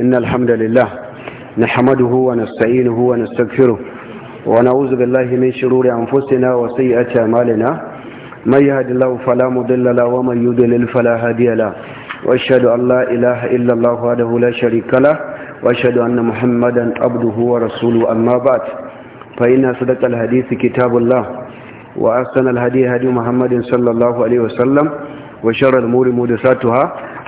إن الحمد لله نحمده ونستعينه ونستغفره ونعوذ بالله من شرور أنفسنا وسيئة أعمالنا من يهد الله فلا مضل له ومن يضلل فلا هادي له وأشهد أن لا إله إلا الله وحده لا شريك له وأشهد أن محمدا عبده ورسوله أما بعد فإن صدق الحديث كتاب الله وأحسن الهدي هدي محمد صلى الله عليه وسلم وشر الأمور محدثاتها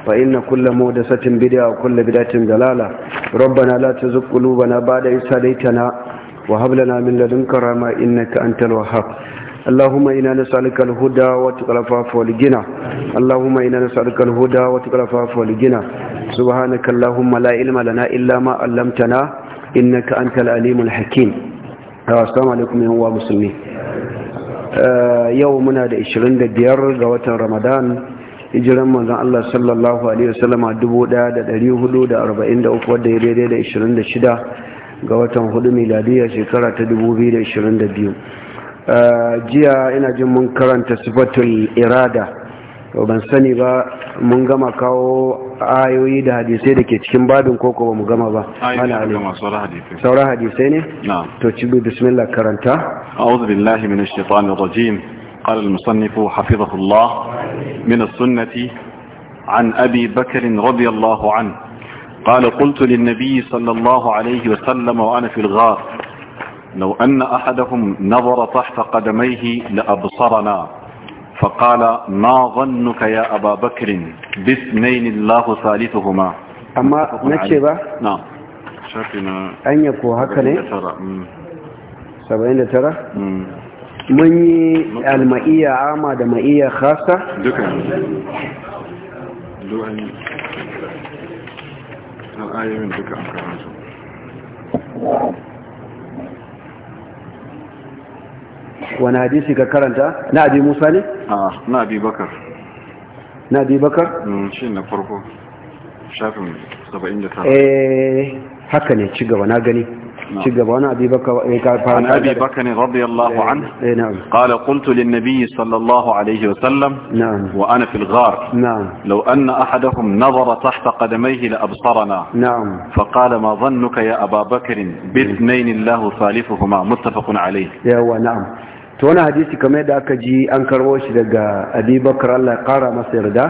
فإن كل مودسة بدعة وكل بدعة ضلالة ربنا لا تزغ قلوبنا بعد إذ هديتنا وهب لنا من لدنك رحمة إنك أنت الوهاب اللهم إنا نسألك الهدى وتقى العفاف والغنى اللهم إنا نسألك الهدى وتقى العفاف والغنى سبحانك اللهم لا علم لنا إلا ما علمتنا إنك أنت العليم الحكيم السلام عليكم يا مسلمين يومنا 25 ga watan Ramadan hijiran manzon Allah sallallahu alaihi wasallama 1443 wadda ya daidai da 26 ga watan hudu miladiyya shekara ta 2022 jiya ina jin mun karanta sifatul irada ban sani ba mun gama kawo ayoyi da hadisai da ke cikin badin koko ba mu gama ba saura hadisai ne to ci bismillah karanta a'udhu billahi minash shaitanir rajim قال المصنف حفظه الله من السنة عن أبي بكر رضي الله عنه قال قلت للنبي صلى الله عليه وسلم وأنا في الغار لو أن أحدهم نظر تحت قدميه لأبصرنا فقال ما ظنك يا أبا بكر باثنين الله ثالثهما أما نكشبه نعم شاكنا أن يكون هكذا ترى mun yi almaiya ama da maiya khasa duka duwan al'ayoyin duka an karanta wani hadisi ga karanta na abi musa ne? a na abi bakar na abi bakar? Mm, shi na farko shafin 79 eh haka ne ci gaba na gani شقب عن أبي بكر عن أبي بكر رضي الله عنه نعم. قال قلت للنبي صلى الله عليه وسلم نعم. وأنا في الغار نعم. لو أن أحدهم نظر تحت قدميه لأبصرنا نعم. فقال ما ظنك يا أبا بكر باثنين الله ثالثهما متفق عليه يا هو نعم to wani hadisi kamar da aka ji an karwo shi daga abubakar Allah kara masa yarda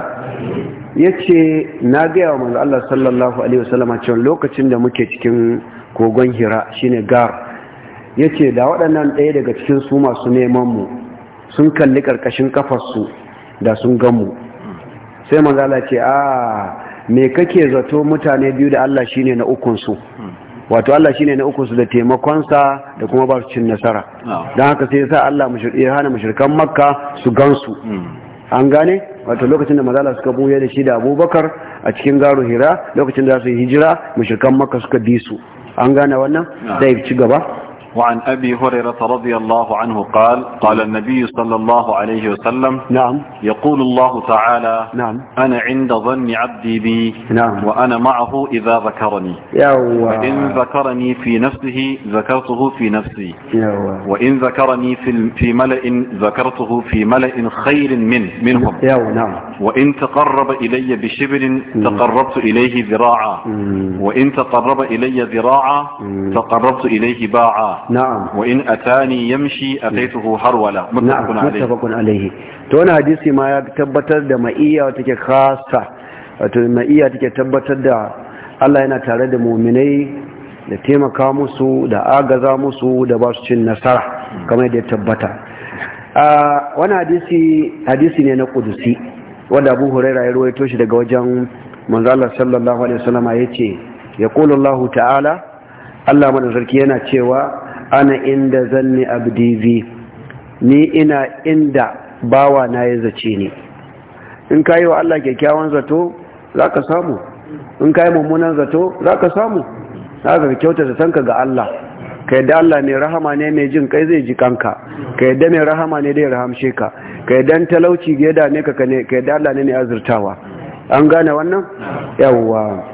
ya ce na gaya wa manzo Allah sallallahu alaihi wasallam cewa lokacin da muke cikin kogon hira shine gar ya ce da waɗannan ɗaya daga cikin su masu neman mu sun kalli ƙarƙashin kafarsu da sun gamu sai manzala ce a ah, me kake zato mutane biyu da Allah shine na ukunsu wato Allah shine na ukunsu da taimakonsa da kuma ba su cin nasara don haka sai ya sa Allah ya hana mashirkan makka su gansu an gane wato lokacin da mazala suka buya da shi da abubakar a cikin garu hira lokacin da su yi hijira mashirkan makka suka bi su an gane wannan zai ci gaba وعن أبي هريرة رضي الله عنه قال قال النبي صلى الله عليه وسلم نعم يقول الله تعالى نعم أنا عند ظن عبدي بي نعم وأنا معه إذا ذكرني وإن ذكرني في نفسه ذكرته في نفسي وإن ذكرني في, في ملأ ذكرته في ملأ خير من منهم نعم وإن تقرب إلي بشبر تقربت إليه ذراعا وإن تقرب إلي ذراعا تقربت إليه باعا na'am wa in atani yamshi ataituhu harwala muttafaqun alayhi muttafaqun to wannan hadisi ma ya tabbatar da ma'iyya take khassa wato ma'iyya take tabbatar da Allah yana tare da mu'minai da taimaka musu da agaza musu da ba su cin nasara kamar da ya tabbata wani hadisi ne na kudusi wanda abu huraira ya ruwaito shi daga wajen manzalar sallallahu alaihi wasallama ya ce ya ta'ala Allah mana sarki yana cewa ana inda zanni abdi bi ni ina inda bawa na ya zace ni in ka yi wa Allah kyakkyawan zato za ka samu in ka yi mummunan zato za ka samu za ka kyauta da sanka ga Allah ka yadda Allah mai rahama ne mai jin kai zai ji kanka ka yadda mai rahama ne dai rahamshe ka ka yadda talauci ga yadda ne ka ka yadda Allah ne mai azurtawa an gane wannan yawwa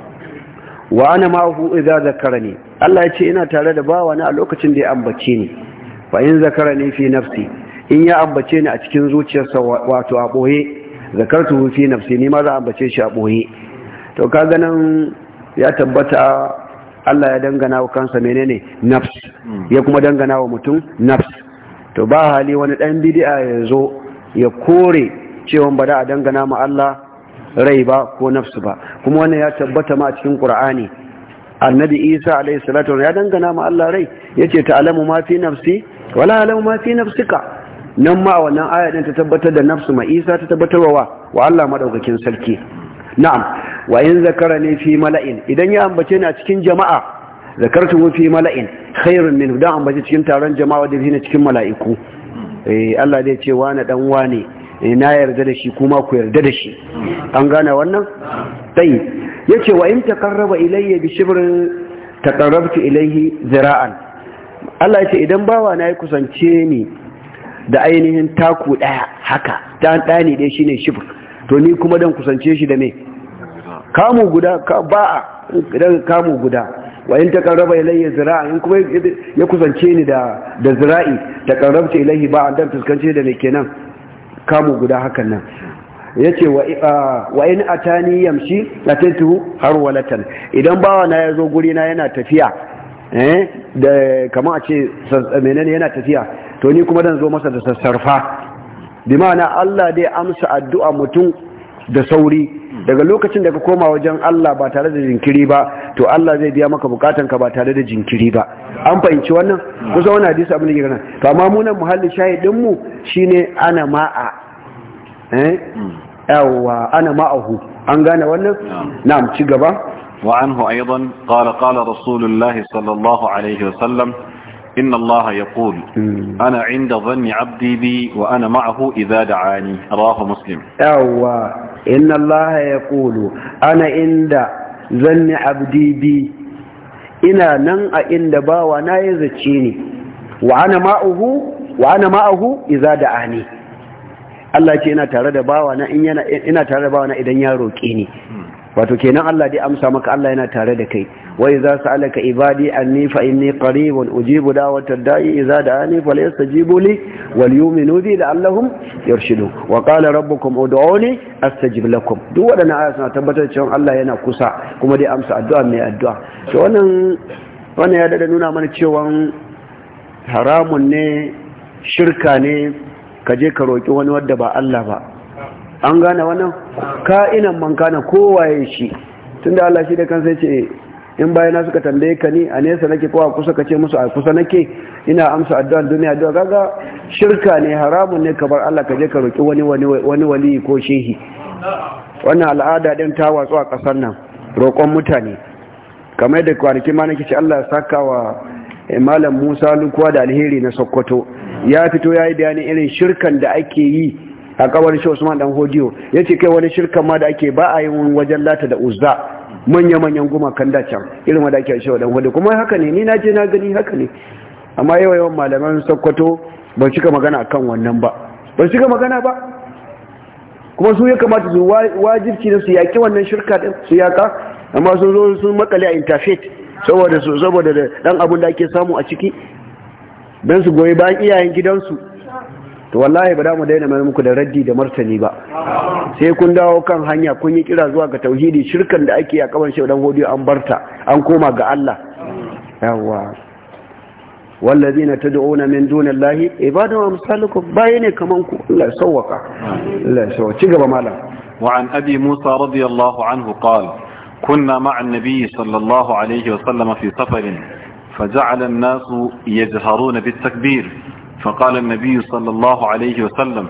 wa ana ma'ahu idza zakarani Allah ya ce ina tare da bawa na a lokacin da ya ambace ni fa in zakara ni fi nafsi in ya ambace ni a cikin zuciyarsa wato a boye zakartu fi nafsi ni ma za ambace shi a boye to ka nan ya tabbata Allah ya dangana wa kansa menene nafs hmm. ya kuma dangana wa mutum nafs to ba hali wani dan bid'a ya zo ya kore cewa ba da a dangana ma Allah rai ba ko nafsu ba kuma wannan ya tabbata ma a cikin Qur'ani annabi isa alaihi salatu ya dangana ma Allah rai yace ce ma fi nafsi wala alamu ma fi nafsika nan ma wannan aya din ta tabbatar da nafsu ma isa ta tabbatarwa wa Allah madaukakin sarki na'am wa in zakarani fi mala'in idan ya ambace ni a cikin jama'a zakartu fi mala'in khairun min dan ambace cikin taron jama'a da cikin mala'iku eh Allah zai ce wani dan wane Eh, na yarda da shi kuma ku yarda da shi an gane wannan dai yace wa in taqarraba ilayya bi shibr taqarrabtu ilayhi zira'an Allah yace idan bawa na yi kusance ni da ainihin taku daya haka dan dani dai shine shibr to ni kuma dan kusance shi da me kamu guda ba'a idan kamu guda wa in taqarraba ilayya zira'an in kuma ya kusance ni da da zira'i taqarrabtu ilayhi ba'an dan fuskance da me kenan kamu guda hakan nan ya ce wa in atani yamshi har harwalatan idan bawa na ya zo guri na yana tafiya eh da kama a ce menene yana tafiya to ni kuma dan zo masa da sassarfa bi ma'ana Allah dai amsa addu'a mutum da sauri daga lokacin da ka koma wajen Allah ba tare da jinkiri ba to Allah zai biya maka bukatanka ba tare da jinkiri ba an fahimci wannan kusa wani hadisi abin da ke gana to amma munan muhalli shahidin mu shine ana ma'a eh yawa ana ma'ahu an gane wannan na'am ci gaba وعنه أيضا قال قال رسول الله صلى الله عليه وسلم إن الله يقول أنا عند ظن عبدي بي وأنا معه إذا دعاني رواه مسلم أو إن الله يقول أنا عند ظن عبدي بي إنا نن عند باوى نايزتشيني وأنا معه وأنا معه إذا دعاني Allah ce ina tare da bawana in yana ina tare da bawana idan ya roke ni wato kenan Allah dai amsa maka Allah yana tare da kai za su alaka ibadi anni fa inni qaribun ujibu da'wata da'i idza da'ani falyastajibu li wal yu'minu bi la'allahum yarshidun wa qala rabbukum ud'uni astajib lakum duk wadannan aya suna tabbatar cewa Allah yana kusa kuma dai amsa addu'a mai addu'a to wannan wannan ya dada nuna mana cewa haramun ne shirka ne ka je ka roki wani wanda ba Allah ba an gane wannan ka'inan man kowaye shi tunda Allah shi da kansa yace in bayana suka tambaye ka ni a nesa nake kowa kusa ka ce musu a kusa nake ina amsa addu'an duniya addu'a gaga shirka ne haramun ne kamar Allah ka je ka roki wani wani wali ko shehi wannan al'ada din ta watsu a kasar nan roƙon mutane kamar da kwanaki ma nake ce Allah ya saka wa eh, malam Musa Lukuwa da alheri na Sokoto ya fito ya yi bayanin irin shirkan da ake yi a kabarin shi Usman dan Hodiyo ce kai wani shirka ma da ake ba a yi wajen lata da uzza manya-manyan gumakan da can irin wanda ake shi dan Hodiyo kuma haka ne ni na je na gani haka ne amma yawa yawan malaman Sokoto ban cika magana kan wannan ba ban cika magana ba kuma su ya kamata su wajibci na su yaki wannan shirka din su yaka amma sun zo sun makale a interfaith saboda su saboda dan abin da ake samu a ciki don su goyi bayan iyayen gidansu to wallahi ba da mu daina mai muku da raddi da martani ba sai kun dawo kan hanya kun yi kira zuwa ga tauhidi shirkan da ake a kaban shi dan godiyo an barta an koma ga Allah yawa wallazina tad'una min dunillahi ibadu amsalukum bayne kaman ku Allah sawaka Allah sawaka ci gaba malam wa an abi musa radiyallahu anhu qala kunna ma'a an-nabi sallallahu alayhi wa sallam fi safarin فجعل الناس يجهرون بالتكبير فقال النبي صلى الله عليه وسلم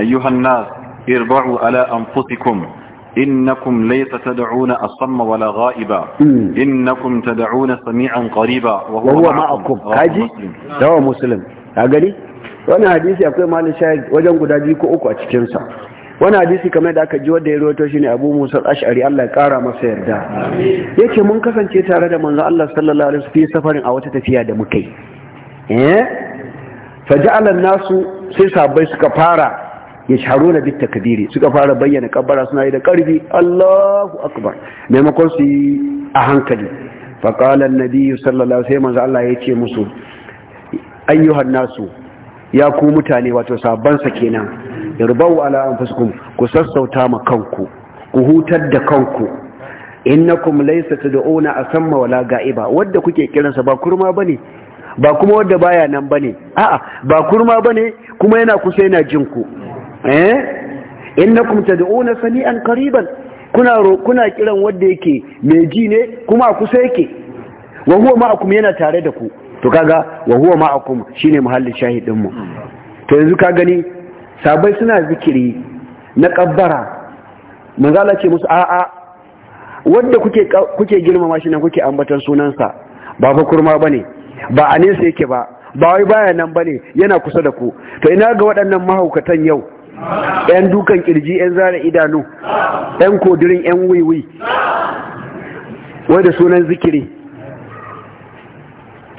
أيها الناس اربعوا على أنفسكم إنكم ليس تدعون أصم ولا غائبا إنكم تدعون سميعا قريبا وهو, وهو معكم هاجي دوا مسلم هاجي wani hadisi akwai malin shahid wajen guda biyu ko uku a cikinsa wani hadisi kamar da aka ji wanda ya rawaito shine Abu Musa ashari Allah ya kara masa yarda yake mun kasance tare da manzo Allah sallallahu alaihi wasallam fi safarin a wata tafiya da muka faja'alan nasu sai sabai suka fara ya sharo na bitta takbiri suka fara bayyana kabbara suna yi da karfi Allahu akbar maimakon su yi a hankali faƙalar qala sallallahu alaihi maza Allah ya ce musu ayyuhan nasu ya ku mutane wato sabban sa kenan irbau ala fuskun ku sassauta ma kanku ku hutar da kanku innakum laysa tad'una asamma wala ga'iba wanda kuke kiransa ba kurma bane ba kuma wadda baya nan bane a'a ba kurma bane kuma yana kusa yana jin ku eh innakum tad'una sani qariban kuna kuna kiran wanda yake mai ji ne kuma kusa yake wa huwa ma'akum yana tare da ku to kaga wa huwa ma'akum shine muhallin shahidin mu to yanzu ka gani sabai suna zikiri na kabbara manzala ce musu a'a wanda kuke girmama shi nan kuke ambatan sunansa ba fa kurma bane ba a nesa yake ba ba wai baya nan ba ne yana kusa da ku to ina ga waɗannan mahaukatan yau yan dukan kirji yan zara idanu yan kodirin yan wiwi wai sunan zikiri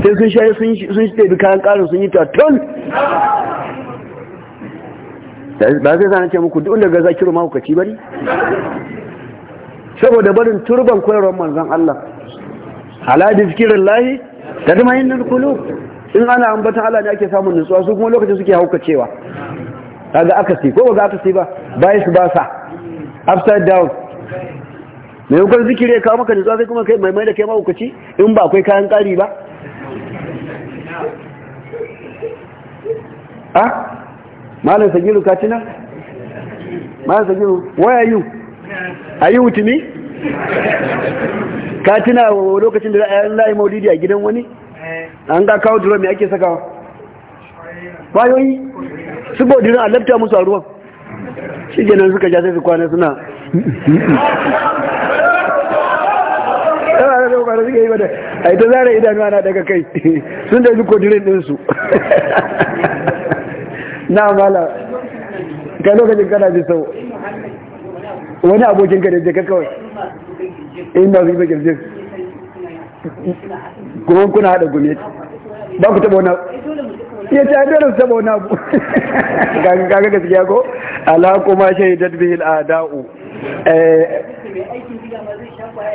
sai sun shayi sun shi tebi kayan ƙarin sun yi tattun ba zai zana ce muku duk daga zakiru mahaukaci ba ne saboda barin turban koyarwar manzan Allah ala zikirin lahi da zama yin nulkulu in ana ambatan Allah ne ake samun nutsuwa su kuma lokacin suke haukacewa kaga akasi ko ba akasi ba su ba sa upside down mai hukar zikiri ya kawo maka nutsuwa sai kuma kai mai mai da kai mahaukaci in ba akwai kayan kari ba a ah? malam sagiru ka ci nan malam sagiru where are you are you with me ka tuna lokacin da ra'ayin layi maulidi a gidan wani an ga kawo duron mai ake sakawa bayoyi su bodirin a alabta musu a ruwan shi kenan suka ja sai su kwana suna yana da kwanar suke yi mada a ita zara idanu ana daga kai sun da zuko dirin ɗinsu na mala ka lokacin kana bi sau wani abokin ka da jaka kawai in su yi bakin jin kuma kuna haɗa gumi ba ku taɓa wani ya ce an dole su taɓa wani abu kaga gaskiya ko ala kuma shaidat bihil ada'u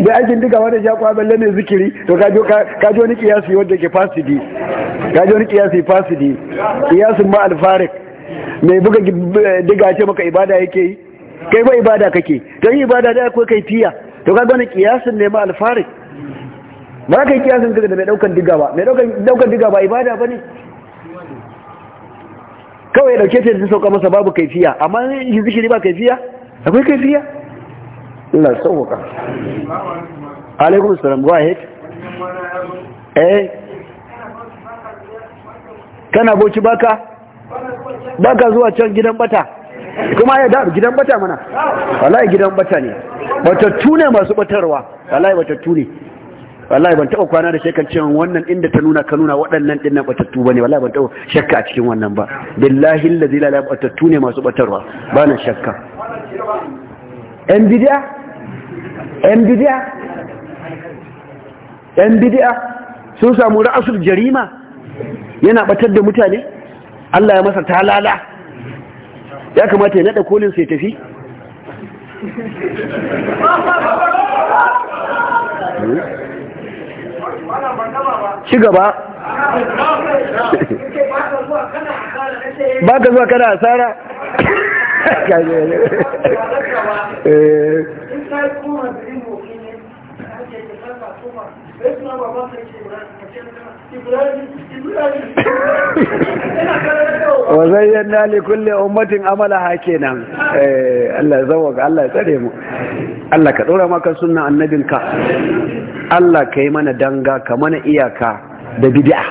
da eh, aikin duka wanda ya kwa balle ne zikiri to ka jo ni kiyasi wadda ke fasidi ka jo ni kiyasi fasidi kiyasin ma alfarik mai buga eh, diga ce maka ibada yake yi kai ba ibada kake don ibada da akwai kai fiya to ka gane kiyasin ne ma alfarik ba kai kiyasin ga da mai daukan diga ba mai daukan diga ba ibada ba ne kawai dauke ce da sauka masa babu kaifiya amma shi zikiri ba kaifiya akwai kaifiya Allah sauka alaikum assalam go ahead eh kana boci baka baka zuwa can gidan bata kuma ya da gidan bata mana wallahi gidan bata ne batattu ne masu batarwa wallahi batattu ne wallahi ban taɓa kwana da shakkan cewa wannan inda ta nuna ka nuna waɗannan ɗin nan batattu bane wallahi ban taɓa shakka a cikin wannan ba billahi allazi la ilaha batattu ne masu batarwa ba na shakka yan bidiya yan bid'a yan bid'a sun samu ra'asul jarima yana batar da mutane Allah ya masa talala ya kamata ya nada kolin sai tafi shi gaba ba ka zuwa kana asara eh, eh. wa zayyana li kulli ummatin amalaha kenan eh Allah zawaka Allah ya tsare mu Allah ka dora maka sunnan annabinka Allah ka yi mana danga ka mana iyaka da bid'a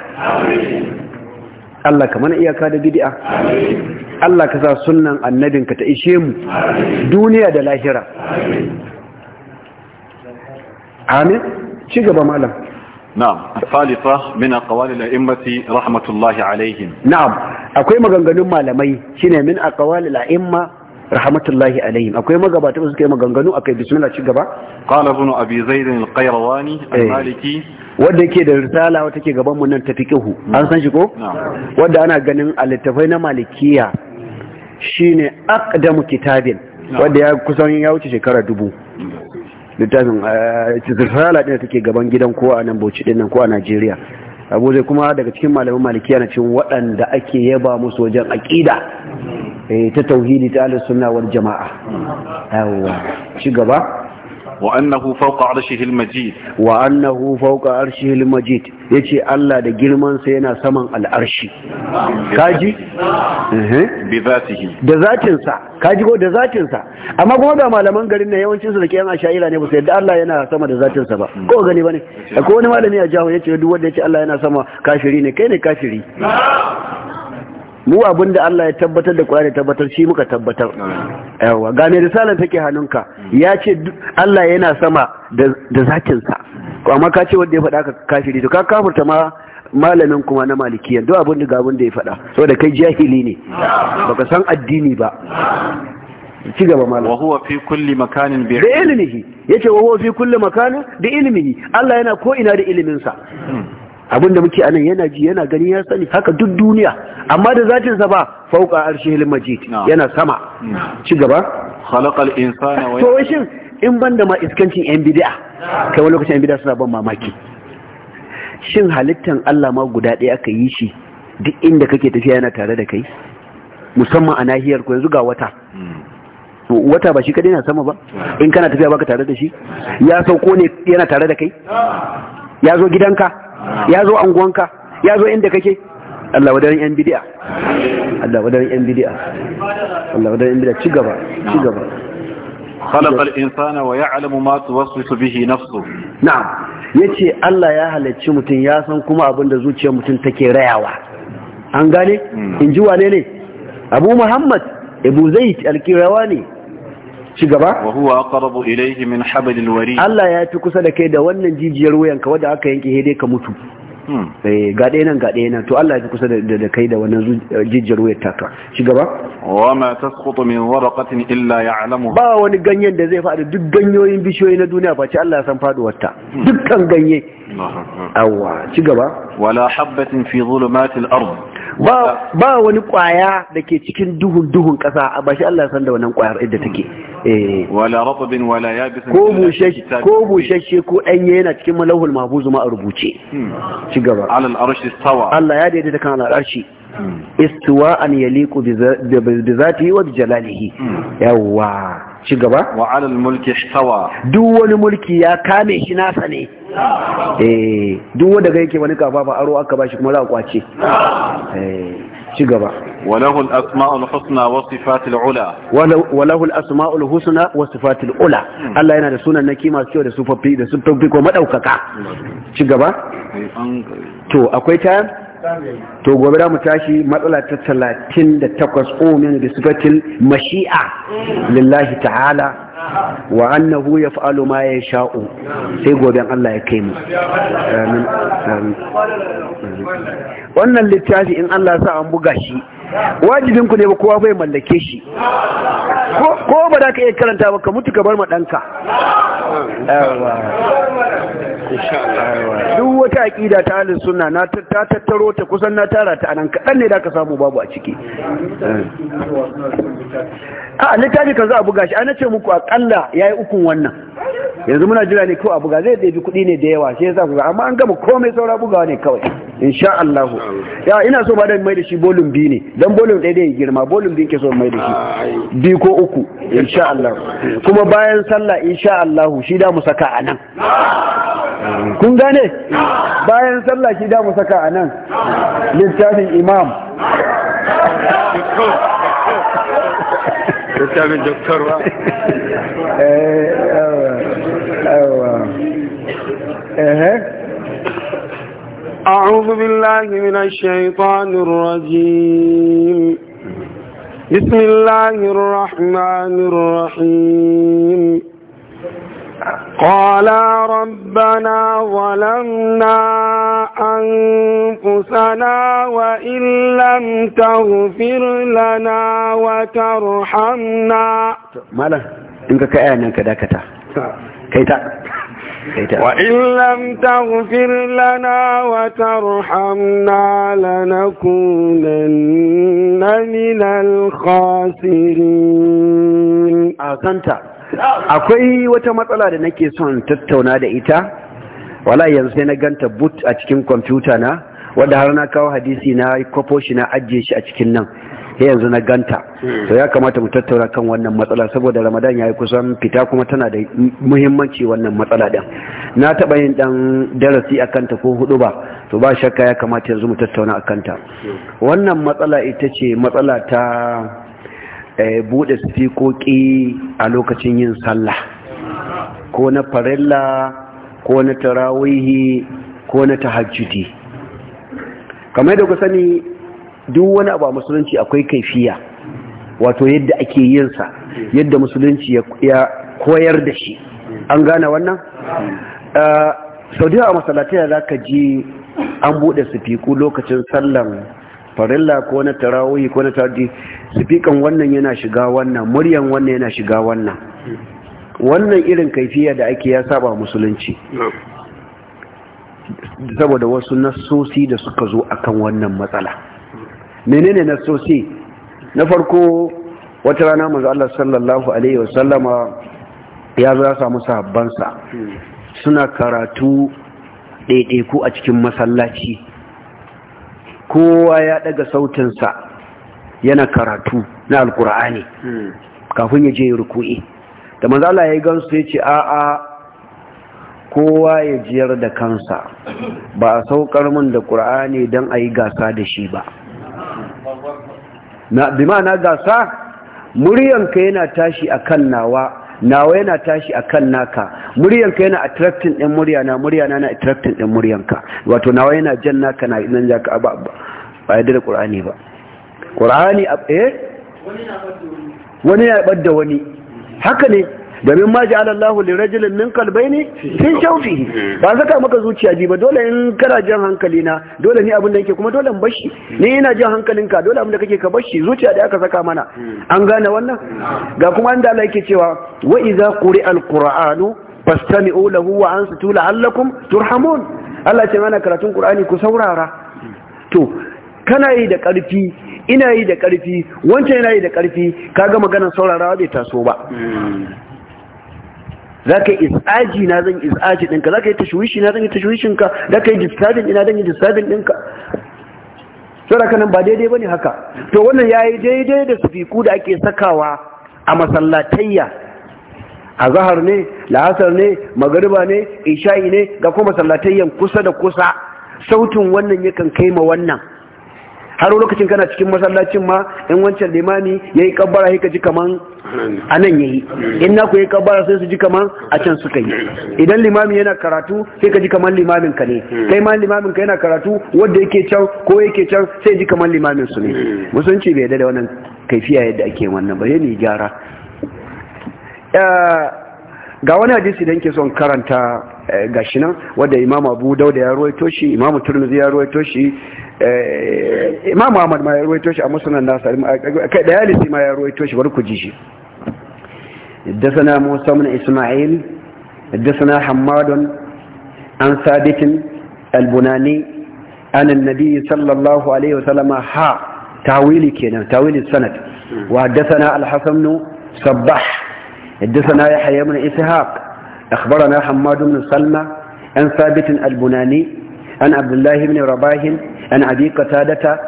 Allah ka mana iyaka da bid'a Allah ka sa sunnan annabinka ta ishe mu duniya da lahira amin ci gaba malam na'am al akwai maganganun malamai shine min الأئمة رحمة الله rahmatullahi alaihim akwai magabata suka yi maganganu akai bismillah ci gaba qala ibn abi zaid al eh. wanda yake da risala wata ke gaban mu nan ta fiqhu hmm. an san shi ko wanda ana ganin al-tafai na malikiya shine aqdamu kitabin wanda ya kusan ya wuce shekara dubu hmm. littafin eh, risala din da take gaban gidan ko a nan Bauchi din nan ko a Najeriya abu zai kuma daga cikin malaman maliki yana cikin waɗanda ake yaba musu wajen aƙida eh, ta tauhidi ta ahlus wal jama'a ci gaba وأنه فوق عرشه المجيد وأنه فوق عرشه المجيد يتي الله ده جرمان سينا سمن العرش كاجي بذاته ده ذاتن سا كاجي كو ده ذاتن سا أما كو malaman garin nan yawancin su da kiyan asha'ira ne ba su yadda Allah yana sama da zatin sa ba ko gani bane akwai wani malami a jaho yace duk wanda yace Allah yana sama kafiri ne kai ne kafiri mu abin da Allah ya tabbatar da ƙwari tabbatar shi muka tabbatar yawa gane me risalar take hannunka ya ce Allah yana sama da zakinsa. amma ka ce wanda ya faɗa ka kafiri to ka kafurta ma malamin kuma na malikiyan. duk abin da ga da ya faɗa saboda kai jahili ne baka san addini ba ci gaba malam wa huwa fi kulli makanin bi ilmihi yace wa huwa fi kulli makanin Da ilmihi Allah yana ko ina da ilimin sa hmm. abin da muke anan yana ji yana gani ya sani haka duk duniya amma da zatin sa ba fauka arshihil majid yana sama ci gaba khalaqal insana wa to shin in banda ma iskancin yan bid'a kai wani lokacin yan bid'a suna ban mamaki shin halittan Allah ma guda ɗaya aka yi shi duk inda kake tafiya yana tare da kai musamman a nahiyar ku yanzu ga wata hmm. wata ba shi kadai na sama ba in kana tafiya baka tare da shi ya sauko ne yana tare da kai ya zo gidanka ya zo anguwanka ya zo inda kake Allah wadarin yan bid'a Allah wadarin yan bid'a Allah wadarin yan bid'a ci gaba ci gaba خلق الإنسان ويعلم ما توسوس به نفسه نعم yace Allah ya halacci mutum ya san kuma abinda da zuciyar mutum take rayawa an gane hmm. Inji ji wane ne Abu Muhammad Abu Zaid al-Kirawani ci gaba wa huwa aqrabu ilayhi min hablil warid Allah ya fi kusa da kai da wannan jijiyar wuyanka wanda aka yanke hede ka mutu hmm. eh, ga ɗaya nan ga nan to Allah ya fi kusa da kai da wannan eh, jijiyar wayar taka shi gaba wa ma tasqutu min waraqatin illa ya ya'lamu ba wani ganyen da zai faɗi duk ganyoyin bishiyoyi na duniya face Allah ya san faduwar ta hmm. dukkan ganye Awa ci gaba wala habatin fi zulumatil ard ba wani kwaya da ke cikin duhun duhun kasa a bashi Allah san da wannan kwayar idda take eh. ko bushashe ko bushashe ko danye yana cikin malahul mahfuz zuma a rubuce hmm. ci gaba alal arshi stawa Allah ya daidai da kan al'arshi hmm. istiwa'an yaliqu bi zatihi wa bi jalalihi hmm. yawa ci gaba wa alal mulki ihtawa duk wani mulki ya kame shi nasa ne eh duk wanda ga yake wani kafa ba aro aka bashi kuma za a kwace eh ci gaba walahu al-asma'ul husna wa sifatul ula walahu al-asma'ul husna wa sifatul ula hmm. Allah yana da sunan na kima kyau da sufofi da sufofi ko madaukaka hmm. ci gaba eh, to akwai ta to gobe za mu tashi matsala ta 38 umin bi sifatil mashi'a lillahi ta'ala wa annahu fa’alu ma sha'u, sai goben Allah ya kai mu wannan littafi in Allah sa an buga shi wajibin ku ne ba kowa bai mallake shi ko ba da ka iya karanta ba ka mutu ka bar ma danka duk wata aƙida ta halin suna ta tattaro ta kusan na tara ta anan kaɗan ne da ka samu babu a ciki eh. a littafi kan za a buga shi ana ce muku a akalla ya yi ukun wannan yanzu muna jira ne kawai a buga zai ɗabi kuɗi ne da yawa shi yasa buga amma an gama komai saura bugawa ne kawai insha Allah ya ina so ba da mai da shi bolin biyu ne dan bolin ɗaya da ya girma bolin biyu ke so mai da shi biyu ko uku insha Allah kuma bayan sallah insha Allah shi da mu saka a nan kun gane bayan sallah shi da mu saka a nan littafin imam littafin doktor ba أعوذ بالله من الشيطان الرجيم بسم الله الرحمن الرحيم قالا ربنا ظلمنا أنفسنا وإن لم تغفر لنا وترحمنا ما له in ka kai ayan ka dakata kai ta وإن لم تغفر لنا وترحمنا لنكونن من الخاسرين أكنت akwai wata matsala da nake son tattauna da ita wala yanzu sai na ganta but a cikin kwamfuta na wadda har na kawo hadisi na kwafo shi na ajiye shi a cikin nan sai yanzu na ganta hmm. to ya kamata mu tattauna kan wannan matsala saboda ramadan ya yi kusan fita kuma tana da muhimmanci wannan matsala din na taɓa yin ɗan darasi a kanta ko hudu ba to ba shakka ya kamata yanzu mu tattauna a kanta hmm. wannan matsala ita ce matsala ta eh, buɗe sifikoki a lokacin yin sallah ko na farilla ko na tarawihi ko na tahajjudi kamar da ku sani duk wani abu a musulunci akwai kaifiya wato yadda ake yin sa yadda musulunci ya koyar da shi an gane wannan hmm. uh, saudiya a masallatai za ka ji an buɗe sifiku lokacin sallan farilla ko na tarawih ko na tardi sifikan wannan yana shiga wannan muryan wannan yana shiga wannan wannan irin kaifiya da ake ya saba musulunci saboda wasu nasosi da suka zo akan wannan matsala menene nasosi na farko wata rana manzo Allah sallallahu alaihi wasallama ya zo ya samu sahabbansa suna karatu ɗaiɗaiku a cikin masallaci kowa ya ɗaga sautinsa yana karatu na alkur'ani kafin ya je ruku'i da manzo Allah ya gansu ya ce a'a kowa ya jiyar da kansa ba a saukar min da ƙur'ani don a yi gasa da shi ba na bi ma'ana gasa muryanka yana tashi akan nawa nawa yana tashi akan naka muryanka yana attracting din murya na murya na na attracting din muryanka wato nawa yana jan naka na idan ja ka ba ba ya da qur'ani ba qur'ani eh wani na badda wani haka ne domin ma ja'ala Allahu li rajulin min qalbayni fi shawfihi ba saka maka zuciya ji ba dole in kana jan hankali na dole ni abin da yake kuma dole in bashi ni ina jan hankalinka dole abin da kake ka bashi zuciya da aka saka mana an gane wannan ga kuma inda Allah yake cewa wa idza quri'a al-qur'anu fastami'u lahu wa ansitu la'allakum turhamun Allah ce mana karatun Qur'ani ku saurara to kana yi da ƙarfi ina yi da ƙarfi wancan yana yi da ƙarfi kaga maganar saurarawa bai taso ba za ka yi isaji na zan isaji ɗinka za ka yi tashwishi na zan yi tashwishinka za ka yi disturbing ina zan yi disturbing ɗinka saboda nan ba daidai ba ne haka to wannan ya yi daidai da sufiku da ake sakawa a masallatayya a zahar ne la'asar ne magariba ne isha'i ne ga kuma masallatayyan kusa da kusa sautin wannan yakan kai ma wannan har lokacin kana cikin masallacin ma in wancan limami yayi kabbara sai ka ji kaman anan yayi in na ku yayi kabbara sai su ji kaman a can suka yi idan limami yana karatu sai ka ji kaman limamin ka ne kai ma limamin ka yana karatu wanda yake can ko yake can sai ji kaman limamin su ne musulunci bai da wannan kaifiya yadda ake wannan ba ne gyara eh, ga wani hadisi da yake son karanta eh, gashi nan wadda imam abu dauda ya ruwaito shi imam turmizi ya ruwaito shi eh, imam Ahmad ma ya ruwaito shi a musulman nasa kai da yalisi ma ya ruwaito shi bari ku ji shi dasana musa min isma'il dasana hammadun an sabitin albunani an annabi sallallahu alaihi wa sallama ha tawili kenan tawili sanad wa dasana alhasan sabah حدثنا يحيى بن إسحاق أخبرنا حماد بن سلمة عن ثابت البناني عن عبد الله بن رباه عن أبي قتادة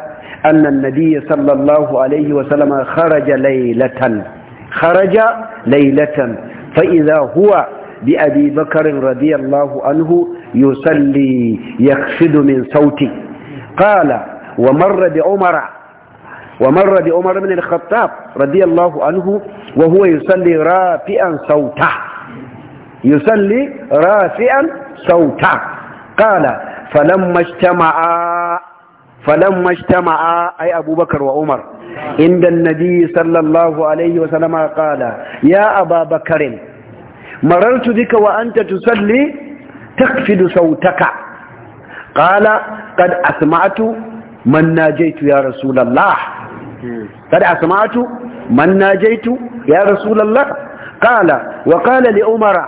أن النبي صلى الله عليه وسلم خرج ليلة خرج ليلة فإذا هو بأبي بكر رضي الله عنه يصلي يخفض من صوته قال ومر بعمر ومر بعمر بن الخطاب رضي الله عنه وهو يصلي رافعا صوته يصلي رافعا صوته قال فلما اجتمعا فلما اجتمعا أي أبو بكر وعمر عند النبي صلى الله عليه وسلم قال يا أبا بكر مررت بك وأنت تصلي تخفض صوتك قال قد أسمعت من ناجيت يا رسول الله قد أسمعت من ناجيت يا رسول الله قال وقال لأمر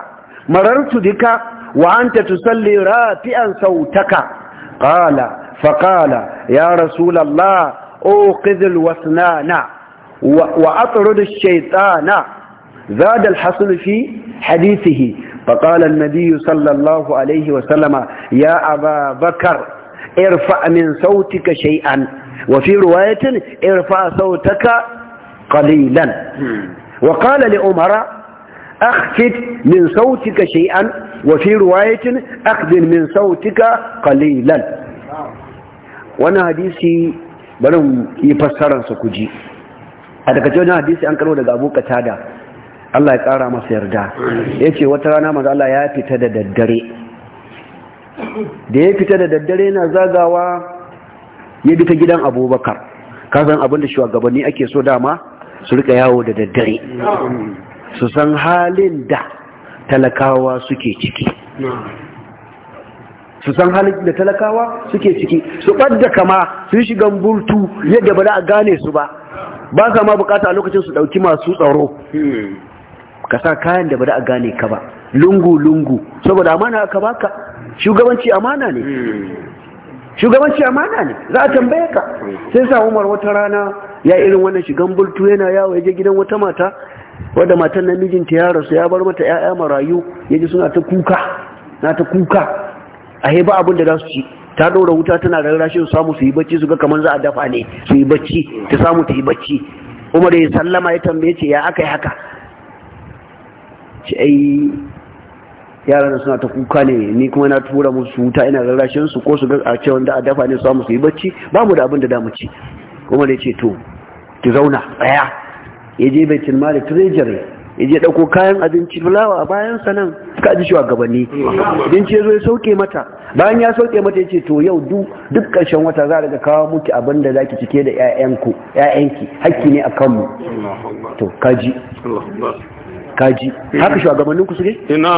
مررت بك وأنت تصلي رافئا صوتك قال فقال يا رسول الله أوقذ الوثنان وأطرد الشيطان زاد الحصن في حديثه فقال النبي صلى الله عليه وسلم يا أبا بكر irfa min sautika shay'an wa fi irfa sautaka qalilan wa qala umara أخفت من صوتك شيئا وفي رواية أخذ من صوتك قليلا وانا حديثي بلوم يفسر سكوجي هذا كتير حديثي أنكروا لك أبو كتادا Allah ya ƙara masa yarda ya ce wata rana maza Allah ya fita da daddare da ya fita da daddare na zagawa ya bi ta gidan abubakar kasan abin da shugabanni ake so dama su rika yawo da daddare su san halin da talakawa suke ciki su san halin da talakawa suke ciki su ɓadda kama su shigan burtu yadda ba da a gane su ba ba sa ma bukata a lokacin su ɗauki masu tsaro ka sa kayan da ba da a gane ka ba lungu-lungu saboda amana aka baka shugabanci amana ne hmm. shugabanci amana ne za a tambaye ka sai sa umar wata rana ya irin wannan shigan bultu yana yawo ya je gidan wata mata wadda matan namijinta ya rasu ya bar mata 'ya'ya marayu ya ji suna ta kuka na ta kuka a heba abin da za su ci ta ɗora wuta tana rarrashi su samu su yi bacci su ga kamar za a dafa ne su yi bacci ta samu ta yi bacci umar ya sallama ya tambaye ce ya aka yi haka ce ai yaran suna ta kuka ne ni kuma na tura musu wuta ina rarrashin su ko su ga a wanda a dafa ne su samu su yi bacci ba mu da abin da damu ci kuma da ce to ki zauna tsaya ya je cin mali treasury ya je dauko kayan abinci fulawa a bayan sanan ka ji shi gabanni abinci ya zo ya sauke mata bayan ya sauke mata ya ce to yau duk ƙarshen wata za a daga kawo muki abin da zaki cike da ƴaƴanku ƴaƴanki hakki ne a kanmu to kaji kaji haka shugabanninku ne? ina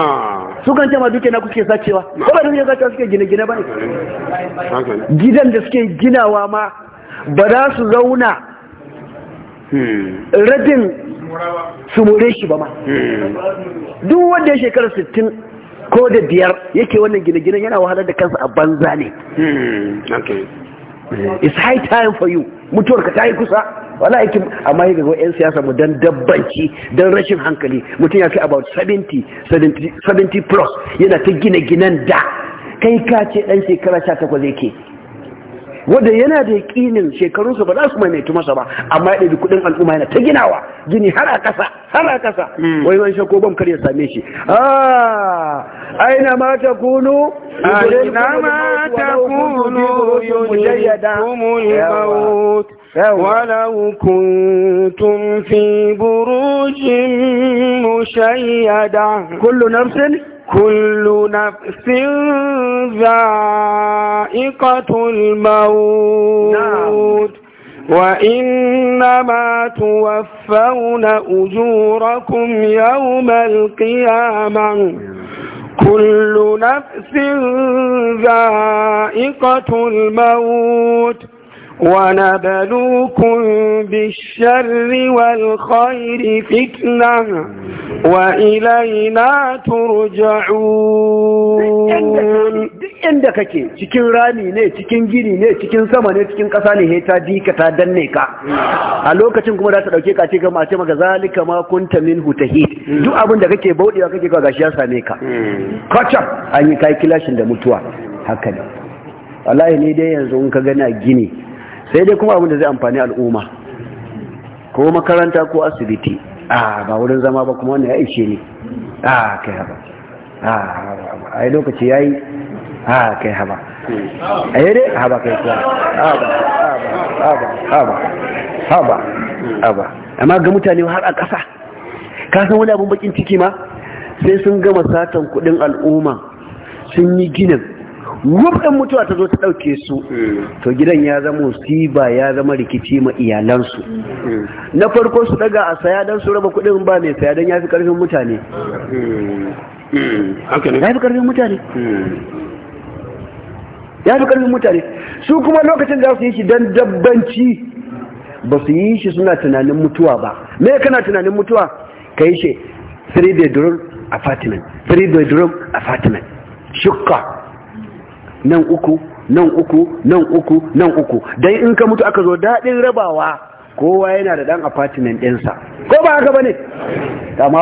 su kan ce ma duke na kuke sacewa ko ba duke sacewa suke gine-gine ba ne gidan da suke ginawa ma ba za su zauna hmm. radin su more shi ba ma hmm. duk wanda ya shekara sittin ko da biyar yake wannan gine-ginen yana wahalar da kansa a banza ne hmm. it's high time for you mutuwar ka ta yi kusa wala aikin amma yi gaggawa 'yan siyasa mu don dabbanci don rashin hankali mutum ya kai about 70 plus yana ta gina ginen da kai ka ce dan shekara 18 yake wanda yana da yakinin shekarunsa ba za su maimaitu masa ba amma ya ɗabi kuɗin al'umma yana ta ginawa gini har a ƙasa har a ƙasa hmm. wai man shakko ban kar ya same shi ah, aina ma ta kunu aina ma ta kunu yudayyakumul maut ولو كنتم في بروج مشيدة كل نفس كل نفس ذائقة الموت نعم. وإنما توفون أجوركم يوم القيامة كل نفس ذائقة الموت ونبلوكم بالشر والخير فتنة وإلينا ترجعون inda kake cikin rami ne cikin gini ne cikin sama ne cikin ƙasa ne he ta dika ta danne ka a lokacin kuma za ta dauke ka ce ga mace maka zalika ma kunta min hutahid duk abin da kake bauɗewa kake ga gashi ya same ka kacha an yi kai kilashin da mutuwa haka ne wallahi ne dai yanzu in ka gana gini sai dai kuma abin da zai amfani al'umma ko makaranta ko asibiti a ba wurin zama ba kuma wannan ya ishe ne a kai haba a yi lokaci ya yi a kai haba a yi dai haba kai kuwa haba haba haba haba haba amma ga mutane har a ƙasa ka san wani abin bakin ciki ma sai sun gama satan kudin al'umma sun yi ginin wubɗin mutuwa ta zo ta ɗauke su mm. to gidan ya zama siba ya zama rikici ma iyalansu mm. na farko su daga a saya don su raba kuɗin ba mai saya don ya fi ƙarfin mutane mm. ya fi ƙarfin mutane ya fi ƙarfin mutane su kuma lokacin da su yi shi don dabbanci ba su yi shi suna tunanin mutuwa ba me kana tunanin mutuwa ka yi shi 3 bedroom apartment 3 bedroom apartment shukka nan uku nan uku nan uku nan uku dan in ka mutu aka zo daɗin rabawa kowa yana da ɗan apartment ɗinsa ko ba haka bane kama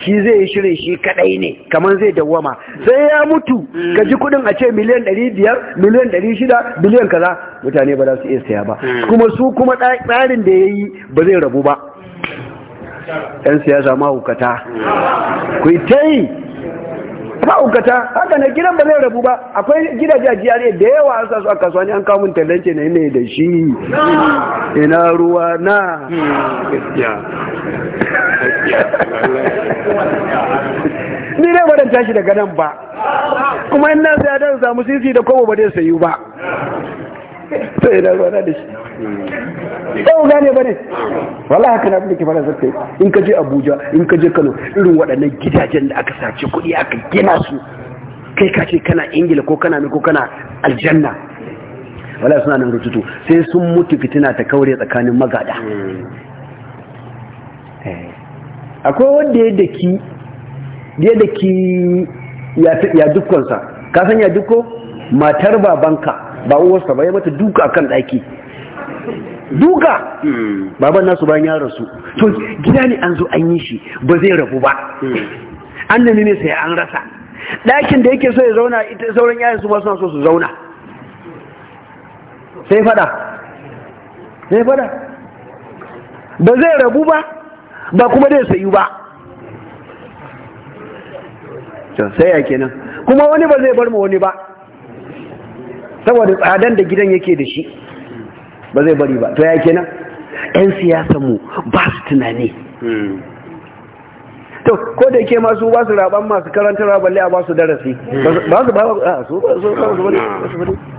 shi zai yi shirin shi kadai ne kamar zai dawwama sai ya mutu ka ji kudin a ce miliyan 500 miliyan 600 miliyan kaza mutane ba za su iya saya ba hmm. kuma su kuma tsarin da yayi yi ba zai rabu ba 'yan siyasa mahukata hmm. ku yi ta yi ma'aukata haka na gidan ba zai rabu ba akwai gidaje a da yawa an sasu a kasuwa ne an kamun tallance na ne da shi ina ruwa na ni dai ba tashi daga nan ba kuma ina sai ya dan samu sisi da kowa ba zai sayu ba sai da ruwa da shi ɗau gane ba wala haka na abinda ke fara zarta in ka je abuja in ka je kano irin waɗannan gidajen da aka sace kuɗi aka gina su kai ka ce kana ingila ko kana ko kana aljanna wala suna nan rututu sai sun mutu fitina ta kaure tsakanin magada eh. akwai wanda ya ki ya ki ya dukkonsa ka san ya dukko matar babanka ba uwarsa ba ya mata duka kan ɗaki duka baban nasu bayan ya rasu to gida ne an zo an yi shi ba zai rabu ba an nemi ne sai an rasa ɗakin da yake so ya zauna ita sauran yayin su ba suna so su zauna sai fada sai fada ba zai rabu ba ba kuma zai sayu ba sai ya kenan kuma wani ba zai bar mu wani ba saboda tsadan da gidan yake da shi ba zai bari ba to ya nan yan siyasa mu ba su tunani to ko da ke masu ba su raban masu karanta raballe a ba su darasi ba su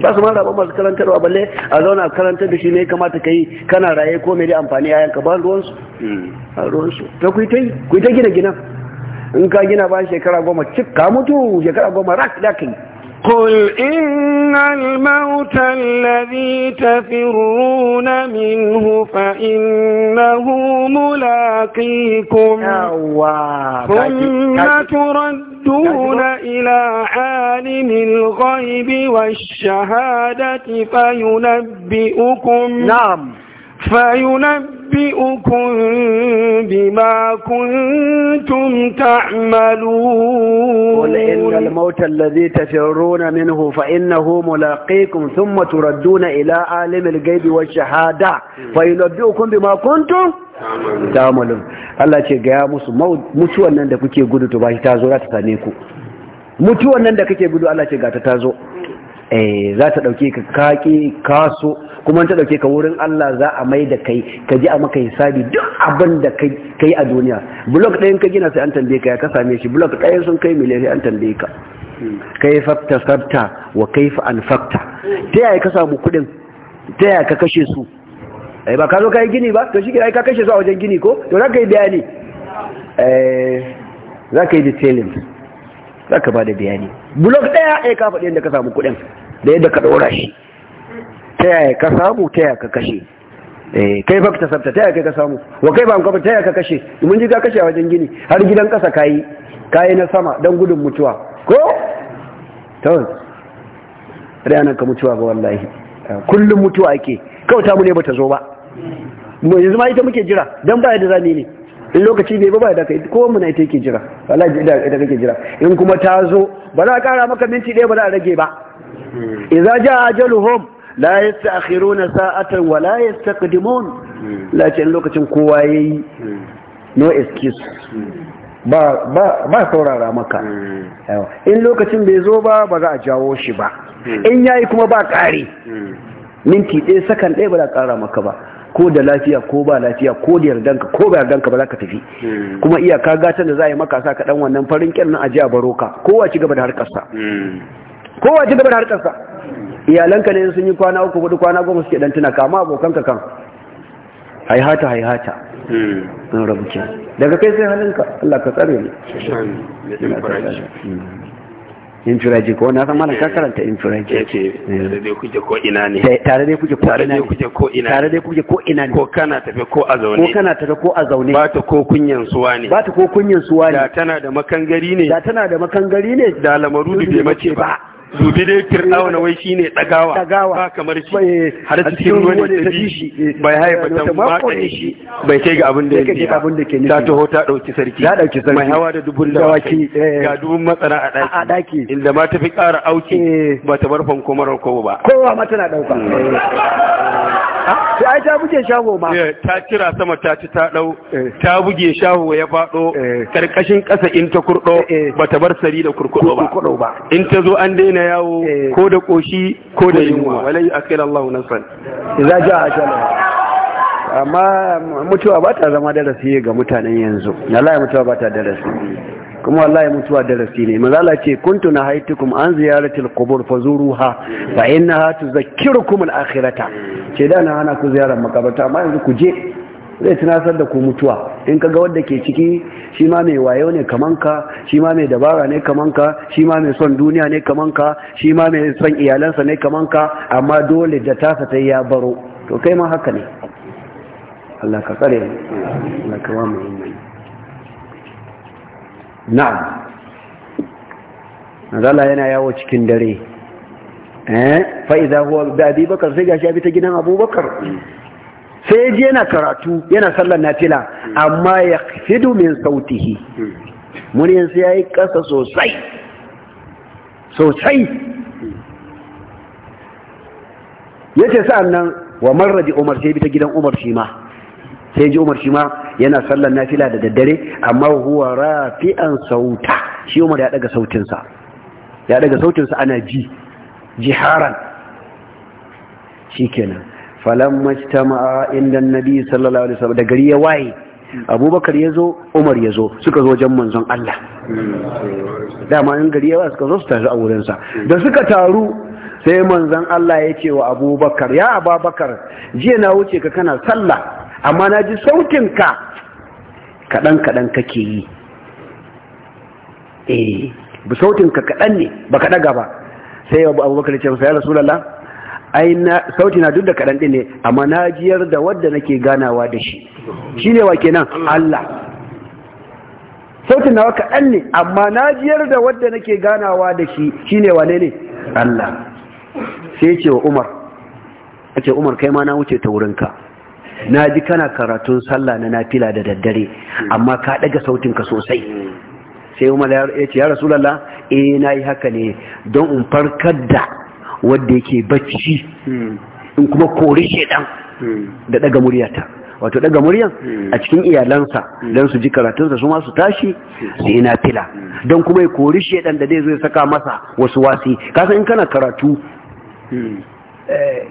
ba su raban masu karanta raballe a zauna karanta da shi ne kamata ka yi kana raye ko mai da amfani a yanka ba ruwansu a ruwansu to ku yi ta gina gina in ka gina ba shekara goma cik ka mutu shekara goma rak da kai قل إن الموت الذي تفرون منه فإنه ملاقيكم ثم تردون إلى عالم الغيب والشهادة فينبئكم نعم فينبئكم أنبئكم بما كنتم تعملون قل إن الموت الذي تفرون منه فإنه ملاقيكم ثم تردون إلى عالم الغيب والشهادة فينبئكم بما كنتم تعملون Allah ce ga musu mutuwan nan da kuke gudu to ba ta zo za ta same ku mutuwan nan da kake gudu Allah ce ta zo za ta ka kaki kaso kuma ta dauke ka wurin Allah za a mai da kai ka ji a maka hisabi duk abin da kai a duniya blok ɗayan ka gina sai an tambaye ka ya ka same shi blok ɗayan sun kai miliyan sai an tambaye ka Kai fakta sabta wa kai an fakta. ta yaya ka samu kuɗin ta yaya ka kashe su ai eh, ba ka zo ka yi gini ba to shi ka kashe su a wajen gini ko to za ka yi bayani eh, za ka yi detailing za ka ba da bayani blok ɗaya ya eh, ka faɗi yadda ka samu kuɗin da yadda ka ɗora shi taya ka samu ta ka kashe eh, kai ba ta sabta ta kai ka samu wa kai ba ka ta yaya ka kashe mun ji ka kashe a wajen gini har gidan kasa kayi kayi na sama dan gudun mutuwa ko to ranar ka mutuwa ba wallahi kullum mutuwa ake kauta mu ne bata zo ba mu yanzu ma ita muke jira dan ba da zami ne in lokaci bai ba ba da kai ko mun ita yake jira wallahi da ita kake jira in kuma ta zo ba za a kara maka minti ɗaya ba za a rage ba idza jaa ajaluhum la yasta'khiruna sa'atan wa la yastaqdimun lakin lokacin kowa yayi no excuse ba ba ba saurara maka in lokacin bai zo ba ba za a jawo shi ba in yayi kuma ba kare minti ɗaya sakan ɗaya ba za a ƙara maka ba ko da lafiya ko ba lafiya ko da yardanka ko ba yardanka ba za ka tafi kuma iyaka gatan da za a yi maka sa ka ɗan wannan farin ƙyar nan a ji a baro ka kowa ci gaba da harkarsa kowa ci gaba da harkarsa iyalanka ne sun yi kwana uku hudu kwana goma suke dan tuna kama abokanka kan haihata hata hmm. sun rabu ke daga kai sai halinka Allah ka tsare mu hmm. infiraji ko na san malam ka karanta infiraji yace tare dai kuke ko ina ne tare dai kuke ko ina ne tare dai kuke ko ina ne ko kana tafe ko a zaune ko kana tafe ko a zaune ba ta ko kunyan suwa ne ba ta ko kunyan suwa ne da tana da makangari ne da tana da makangari ne da lamaru da bai mace ba dubi dai fir'auna wai shine dagawa ba kamar shi har cikin wani da shi bai haifa ta matsayin shi bai kai ga abin da yake abin da ke ta taho ta dauki sarki ya dauki sarki mai hawa da dubun dawaki eh. ga dubun matsara a daki inda ma tafi ƙara auki eh. ba ta bar marar ko ba kowa ma tana dauka mm. sai ai ta buge shago ma eh, ta kira sama ta ci ta dau eh. ta buge shago ya fado karkashin eh. kasa in ta kurdo bata bar sari da kurkudo ba in ta zo an daina yawo ko da koshi ko da yunwa walai akil Allahu nasran idza ja ajalu amma mutuwa ba ta zama darasi ga mutanen yanzu wallahi mutuwa ba ta darasi kuma wallahi mutuwa darasi ne manzala ce kuntu na haitukum an ziyaratul qubur fazuruha fa innaha tuzakkirukum al-akhirata ce da na hana ku ziyarar makabarta amma yanzu ku je zai tunasar da ku mutuwa in kaga wanda ke ciki shi ma mai wayo ne kaman ka shi ma mai dabara ne kaman ka shi ma mai son duniya ne kaman ka shi ma mai son iyalansa ne kaman ka amma dole da tasa ta ya baro to kai ma haka ne Allah ka tsare mu Allah ka wa mu na'am zala yana yawo cikin dare eh fa'iza huwa bi abubakar sai gashi abi ta gidan abubakar sai ya ji yana karatu yana sallar nafila amma ya fidu min sautihi muryan sai yayi kasa sosai sosai yace sa'annan wa marradi umar sai bi ta gidan umar shi ma sai ji umar shi ma yana sallar nafila da daddare amma huwa rafi'an sauta shi umar ya daga sautinsa ya daga sautinsa ana ji jiharan shikenan mashtama ijtama'a inda nabi sallallahu alaihi wasallam da gari ya waye abubakar ya zo umar ya zo suka zo wajen manzon Allah dama in gari yawa suka zo su tashi a wurinsa da suka taru sai manzon Allah ya ce wa abubakar ya ababakar jiya na wuce ka kana sallah amma na ji sautinka kaɗan-kaɗan kake yi eh sautin sautinka kaɗan ne ba ka ɗaga ba sai yau abubakar ce masa ya rasu lalla, na sauti na duk da kaɗan ɗin ne amma na jiyar da wadda nake ganawa da shi shi ne wa kenan Allah sautin nawa kaɗan ne amma na jiyar da wadda nake ganawa da shi shi ne wane ne Allah sai ce wa Umar ce Umar kai ma na wuce ta wurinka na ji kana karatun sallah na nafila da daddare amma ka daga sautinka sosai sai umar ya ce ya rasulallah eh na yi haka ne don in farkar da wanda yake bacci in kuma kori shedan da daga muryata wato daga muryan a cikin iyalansa don su ji karatunsa su masu tashi su yi fila don kuma ya kori shedan da zai saka masa wasu wasi kasan in kana karatu Eh.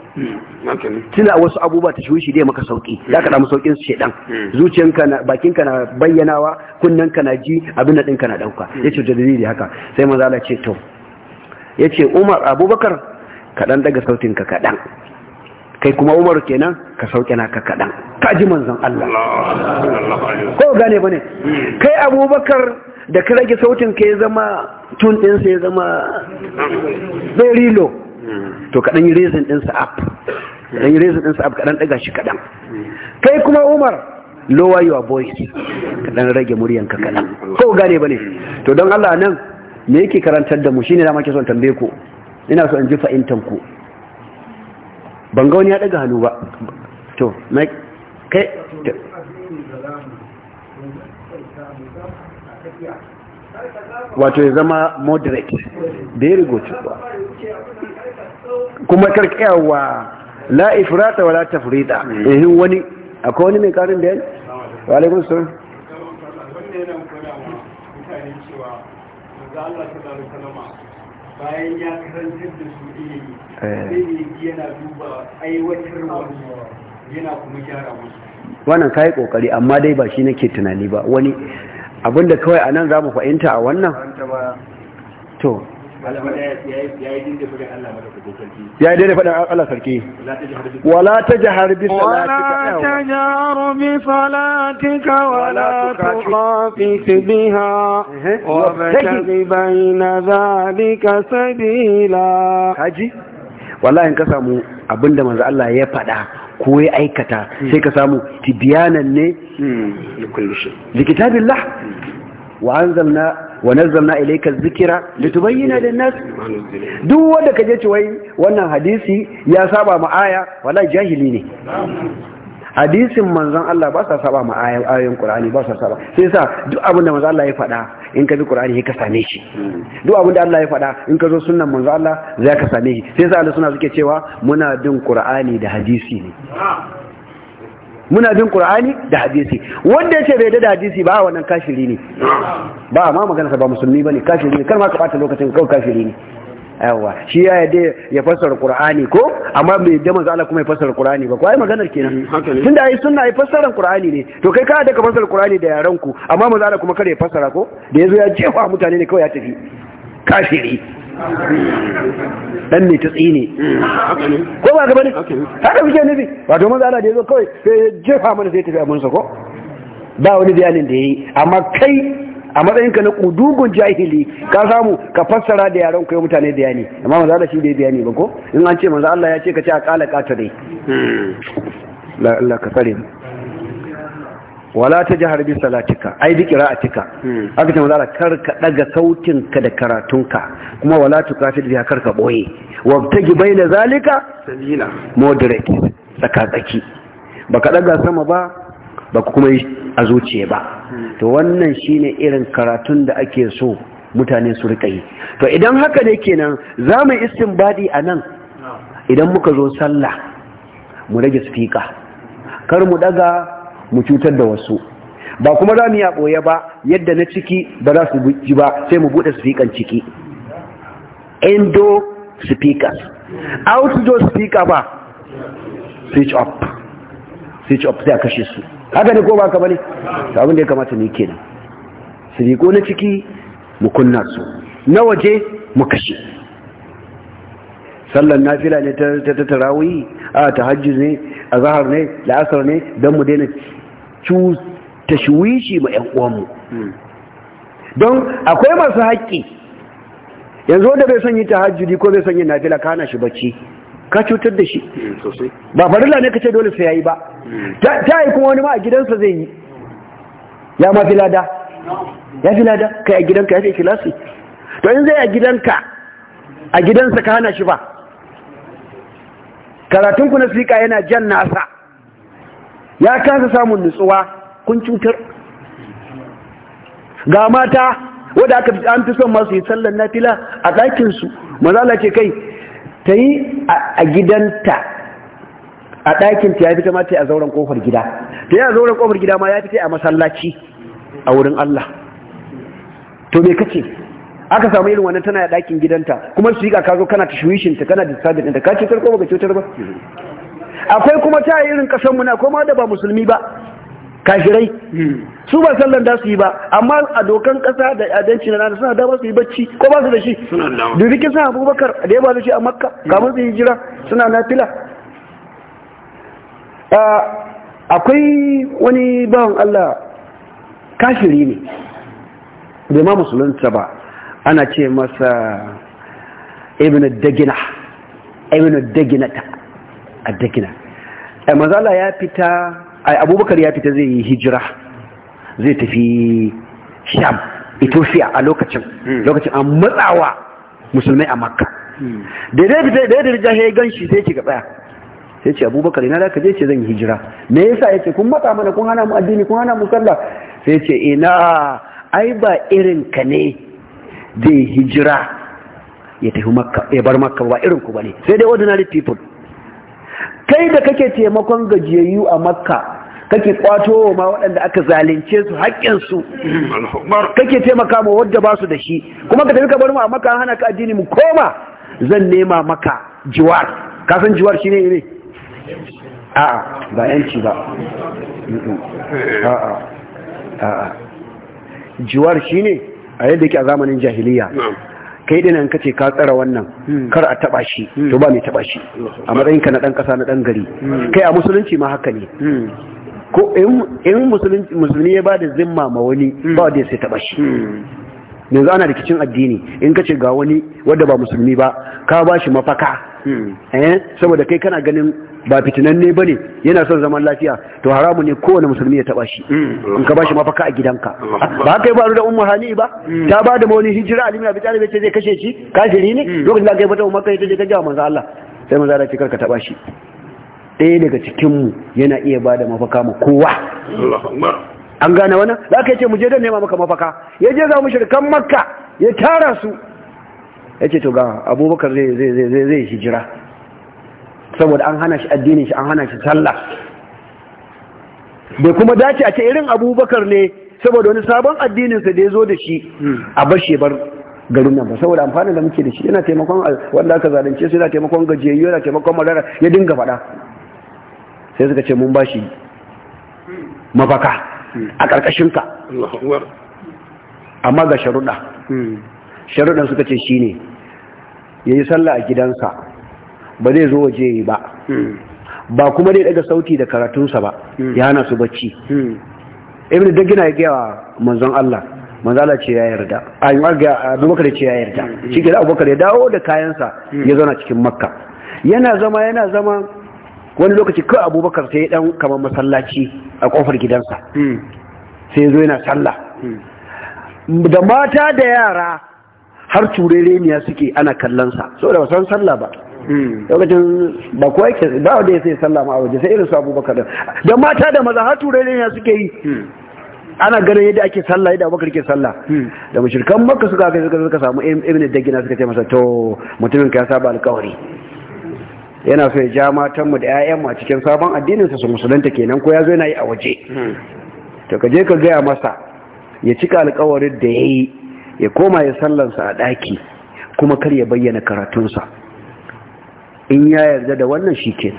tuna wasu abubuwa ta shi dai maka sauki za ka damu saukin shedan zuciyanka na bakinka na bayyanawa ka na ji abin da ɗinka na ɗauka ya ce dalili haka sai maza Allah ce to ya ce umar abubakar kaɗan daga sautinka kaɗan kai kuma umar kenan ka sauke naka kaɗan ka ji manzon Allah ko gane ba ne hmm. kai abubakar da ka rage sautin ka ya zama tun ɗinsa ya zama berilo hmm. to kaɗan yi rezin ɗinsa up kaɗan yi rezin ɗinsa up dan ɗaga shi kaɗan kai kuma umar lower your voice kaɗan rage ka kaɗan ko gane ba ne to don allah nan me yake karantar da mu shine dama muke son tambaye ku ina so in ji fa'intan ku ban ga wani ya daga hannu ba to kai wato ya zama moderate very good kuma karkiyarwa la ifrata wala tafrita eh wani akwai wani mai karin ya da su ilimi yana duba aiwatarwa yana eh. wannan kayi kokari amma dai ba shi nake tunani ba wani abinda kawai anan za mu fahimta a wannan to ya yi dinda faɗin Allah sarki wala ta jahar bi salatika wala tuqafit biha wa batabi bayna dhalika sabila haji wallahi in ka samu abinda manzo Allah ya faɗa ko ya aikata hmm. sai ka samu tibiyanan ne hmm. likitabillah wa anzalna wa nazzalna ilayka dhikra litubayyana lin-nas duk wanda kaje ci wai wannan hadisi ya saba ma aya wallahi jahili ne hadisin manzon Allah ba sa saba ma ayoyin Qur'ani ba sa saba sai sa duk abin da manzon Allah ya faɗa in ka bi Qur'ani ka same shi duk abin da Allah ya faɗa in ka zo sunnan manzon Allah za ka same shi sai sa Allah suna suke cewa muna bin Qur'ani da hadisi ne muna jin qur'ani da hadisi wanda yace bai da hadisi ba wannan kafiri ne ba ma magana sa ba musulmi bane kafiri ne kar ma ka bata lokacin kawai kafiri ne yawa shi ya yadda ya fassara qur'ani ko amma bai da manzo Allah kuma ya fassara qur'ani ba ko ai maganar kenan tunda ai sunna ai fassaran qur'ani ne to kai ka da ka fassara qur'ani da yaran amma manzo Allah kuma kare ya fassara ko da yazo ya jefa mutane ne kawai ya tafi Kafiri. dan ne ta tsine ko ba gaba ne haka ya nufi wato manzo Allah da yazo kawai sai jefa mana sai tafi a ko ba wani bayanin da ya yi. amma kai a matsayin ka na kudugun jahili ka samu ka fassara da yaran kai mutane yani amma manzo Allah shi bai bayani ba ko in an ce manzo Allah ya ce ka ce a kala katare hmm. Allah ka tsare wala ta jihar bi salatika ai bi qira'atika hmm. haka ta mazala karka daga sautinka da karatunka kuma wala kafir bi karka boye bai baina zalika sabila moderate tsaka tsaki baka daga sama ba baka kuma yi a zuciya ba hmm. to wannan shine irin karatun da ake so mutane su rika yi to idan haka ne kenan za mu istinbadi a nan ah. idan muka zo sallah mu rage spika kar mu daga mu cutar da wasu ba kuma za mu yi a ɓoye ba yadda na ciki ba za su buɗe ba sai mu buɗe sufikan ciki endo speakers outdoor speaker ba switch up switch up sai a kashe su haka ne ko ba ka bane abin da ya kamata ne kenan su na ciki mu kunna su na waje mu kashe sallan nafila ne ta tarawih a Hajji ne a zahar ne la'asar ne don mu daina tashwishi ma ‘yan uwanmu don akwai masu haƙƙi yanzu wanda bai son yi tahajjudi ko bai son na nafila ka hana shi bacci ka cutar da shi mm, ba farilla ne ka ce dole sai yayi ba mm. ta yi kuma wani ma a gidansa zai yi ya ma filada ya filada kai a gidanka ya fi kilasi, to in zai a gidanka a gidansa ka hana shi ba karatun ku na sika yana jan nasa ya kasa samun nutsuwa kun cutar ga mata wadda aka an fi son masu yi sallan nafila a ɗakinsu mazala ce kai ta yi a gidanta a ɗakinta ya fita ma ta yi a zauren ƙofar gida ta yi a zauren ƙofar gida ma ya fita a masallaci a wurin Allah to me kace aka samu irin wannan tana a ɗakin gidanta kuma su yi ka kazo kana ta shuwishinta kana da sabit ɗinta ka cutar ko baka cutar ba akwai kuma ta irin kasan muna koma da ba musulmi ba kashirai su ba sallan da su yi ba amma a dokan kasa da adanci na nana suna da ba su yi bacci ko ba su da shi durikin suna abubakar da ya ba da shi a makka kamar su yi jira suna na fila akwai wani bawan allah kashiri ne bai ma musulunta ba ana ce masa ibn dagina ibn daginata addakina ai eh, manzala ya fita ai abubakar ya fita zai yi hijira zai tafi sham ethiopia a lokacin hmm. lokacin an matsawa musulmai a makka hmm. da dai fita da yadda jahe gan sai ce ga tsaya sai ce abubakar ina da ka je ce zan yi hijira me yasa yace kun matsa mana kun hana mu addini kun hana mu sallah sai ce ina ai ba irin ka ne da hijira ya tafi makka ya bar makka ba irin ku bane sai dai ordinary people kai da kake taimakon gajiyayyu a makka kake kwato ma waɗanda aka zalunce su haƙƙinsu kake taimaka ma wadda ba su da shi kuma ka tafi ka bar mu a maka hana ka addini mu koma zan nema maka jiwar ka san jiwar shine ne a'a ba yanci ba eh. a'a a'a jiwar shine a yadda yake a zamanin jahiliya kai dinan kace ka tsara wannan hmm. kar a taba shi hmm. to ba mai taba shi a matsayin ka na dan kasa na dan gari hmm. kai a musulunci ma haka ne ko in musulunci musulmi ya bada zimma ma wani ba wanda sai taba shi yanzu ana rikicin addini in kace ga wani wanda ba musulmi ba ka ba shi mafaka Eh? saboda kai kana ganin ba ne bane yana son zaman lafiya to haramu ne kowane musulmi ya taba shi mm. in ka bashi mafaka a gidanka ba kai ba da ummu hani ba mm. ta ba da mawani hijira alimi abi bai ce zai kashe shi kafiri ne mm. lokacin da kai fata umma kai ta je ka ga manzo Allah sai manzo Allah ce karka taba shi ɗaya daga cikinmu yana iya ba da mafaka ma kowa an gane wannan za ka ce mu je don nema maka mafaka ya je za mu shirkan makka ya tara su ya ce to ga abubakar zai hijira saboda an hana shi addini shi an hana shi sallah bai kuma dace a ce irin abubakar ne saboda wani sabon addininsa da ya zo da shi a bar shi bar garin nan ba saboda amfani da muke da shi yana taimakon wanda aka zalunce su yana taimakon gajiyayyu yana taimakon madara ya dinga faɗa sai suka ce mun ba shi mafaka a ƙarƙashin ka. amma ga sharuɗa hmm. sharuɗan suka ce shi ne ya yi sallah a gidansa ba zai zo waje yi ba hmm. ba kuma dai daga sauti da karatunsa ba hmm. ya hana su bacci hmm. ibn dagina ya gaya wa manzon Allah manzon Allah ce ya yarda a yi abubakar ce ya yarda shi ke abubakar ya dawo da kayansa ya zauna cikin makka yana zama yana zama wani lokaci ko abubakar sai dan kamar masallaci a kofar gidansa sai ya zo yana sallah da mata da yara har turereniya suke ana kallonsa so da san sallah ba lokacin ba kuwa yake ba wanda ya sai sallah ma a waje sai irin su abubakar da mata da maza har turereniya suke yi ana ganin yadda ake sallah yadda abubakar ke sallah da mashirkan maka suka kai suka suka samu ibn dagina suka ce masa to mutumin ka ya saba alƙawari yana so ya ja matanmu da mu a cikin sabon addininsa su musulunta kenan ko ya zo yana yi a waje to ka je ka gaya masa ya cika alƙawarin da ya yi ya koma ya sallansa a ɗaki kuma kar ya bayyana karatunsa in ya yarda da wannan ke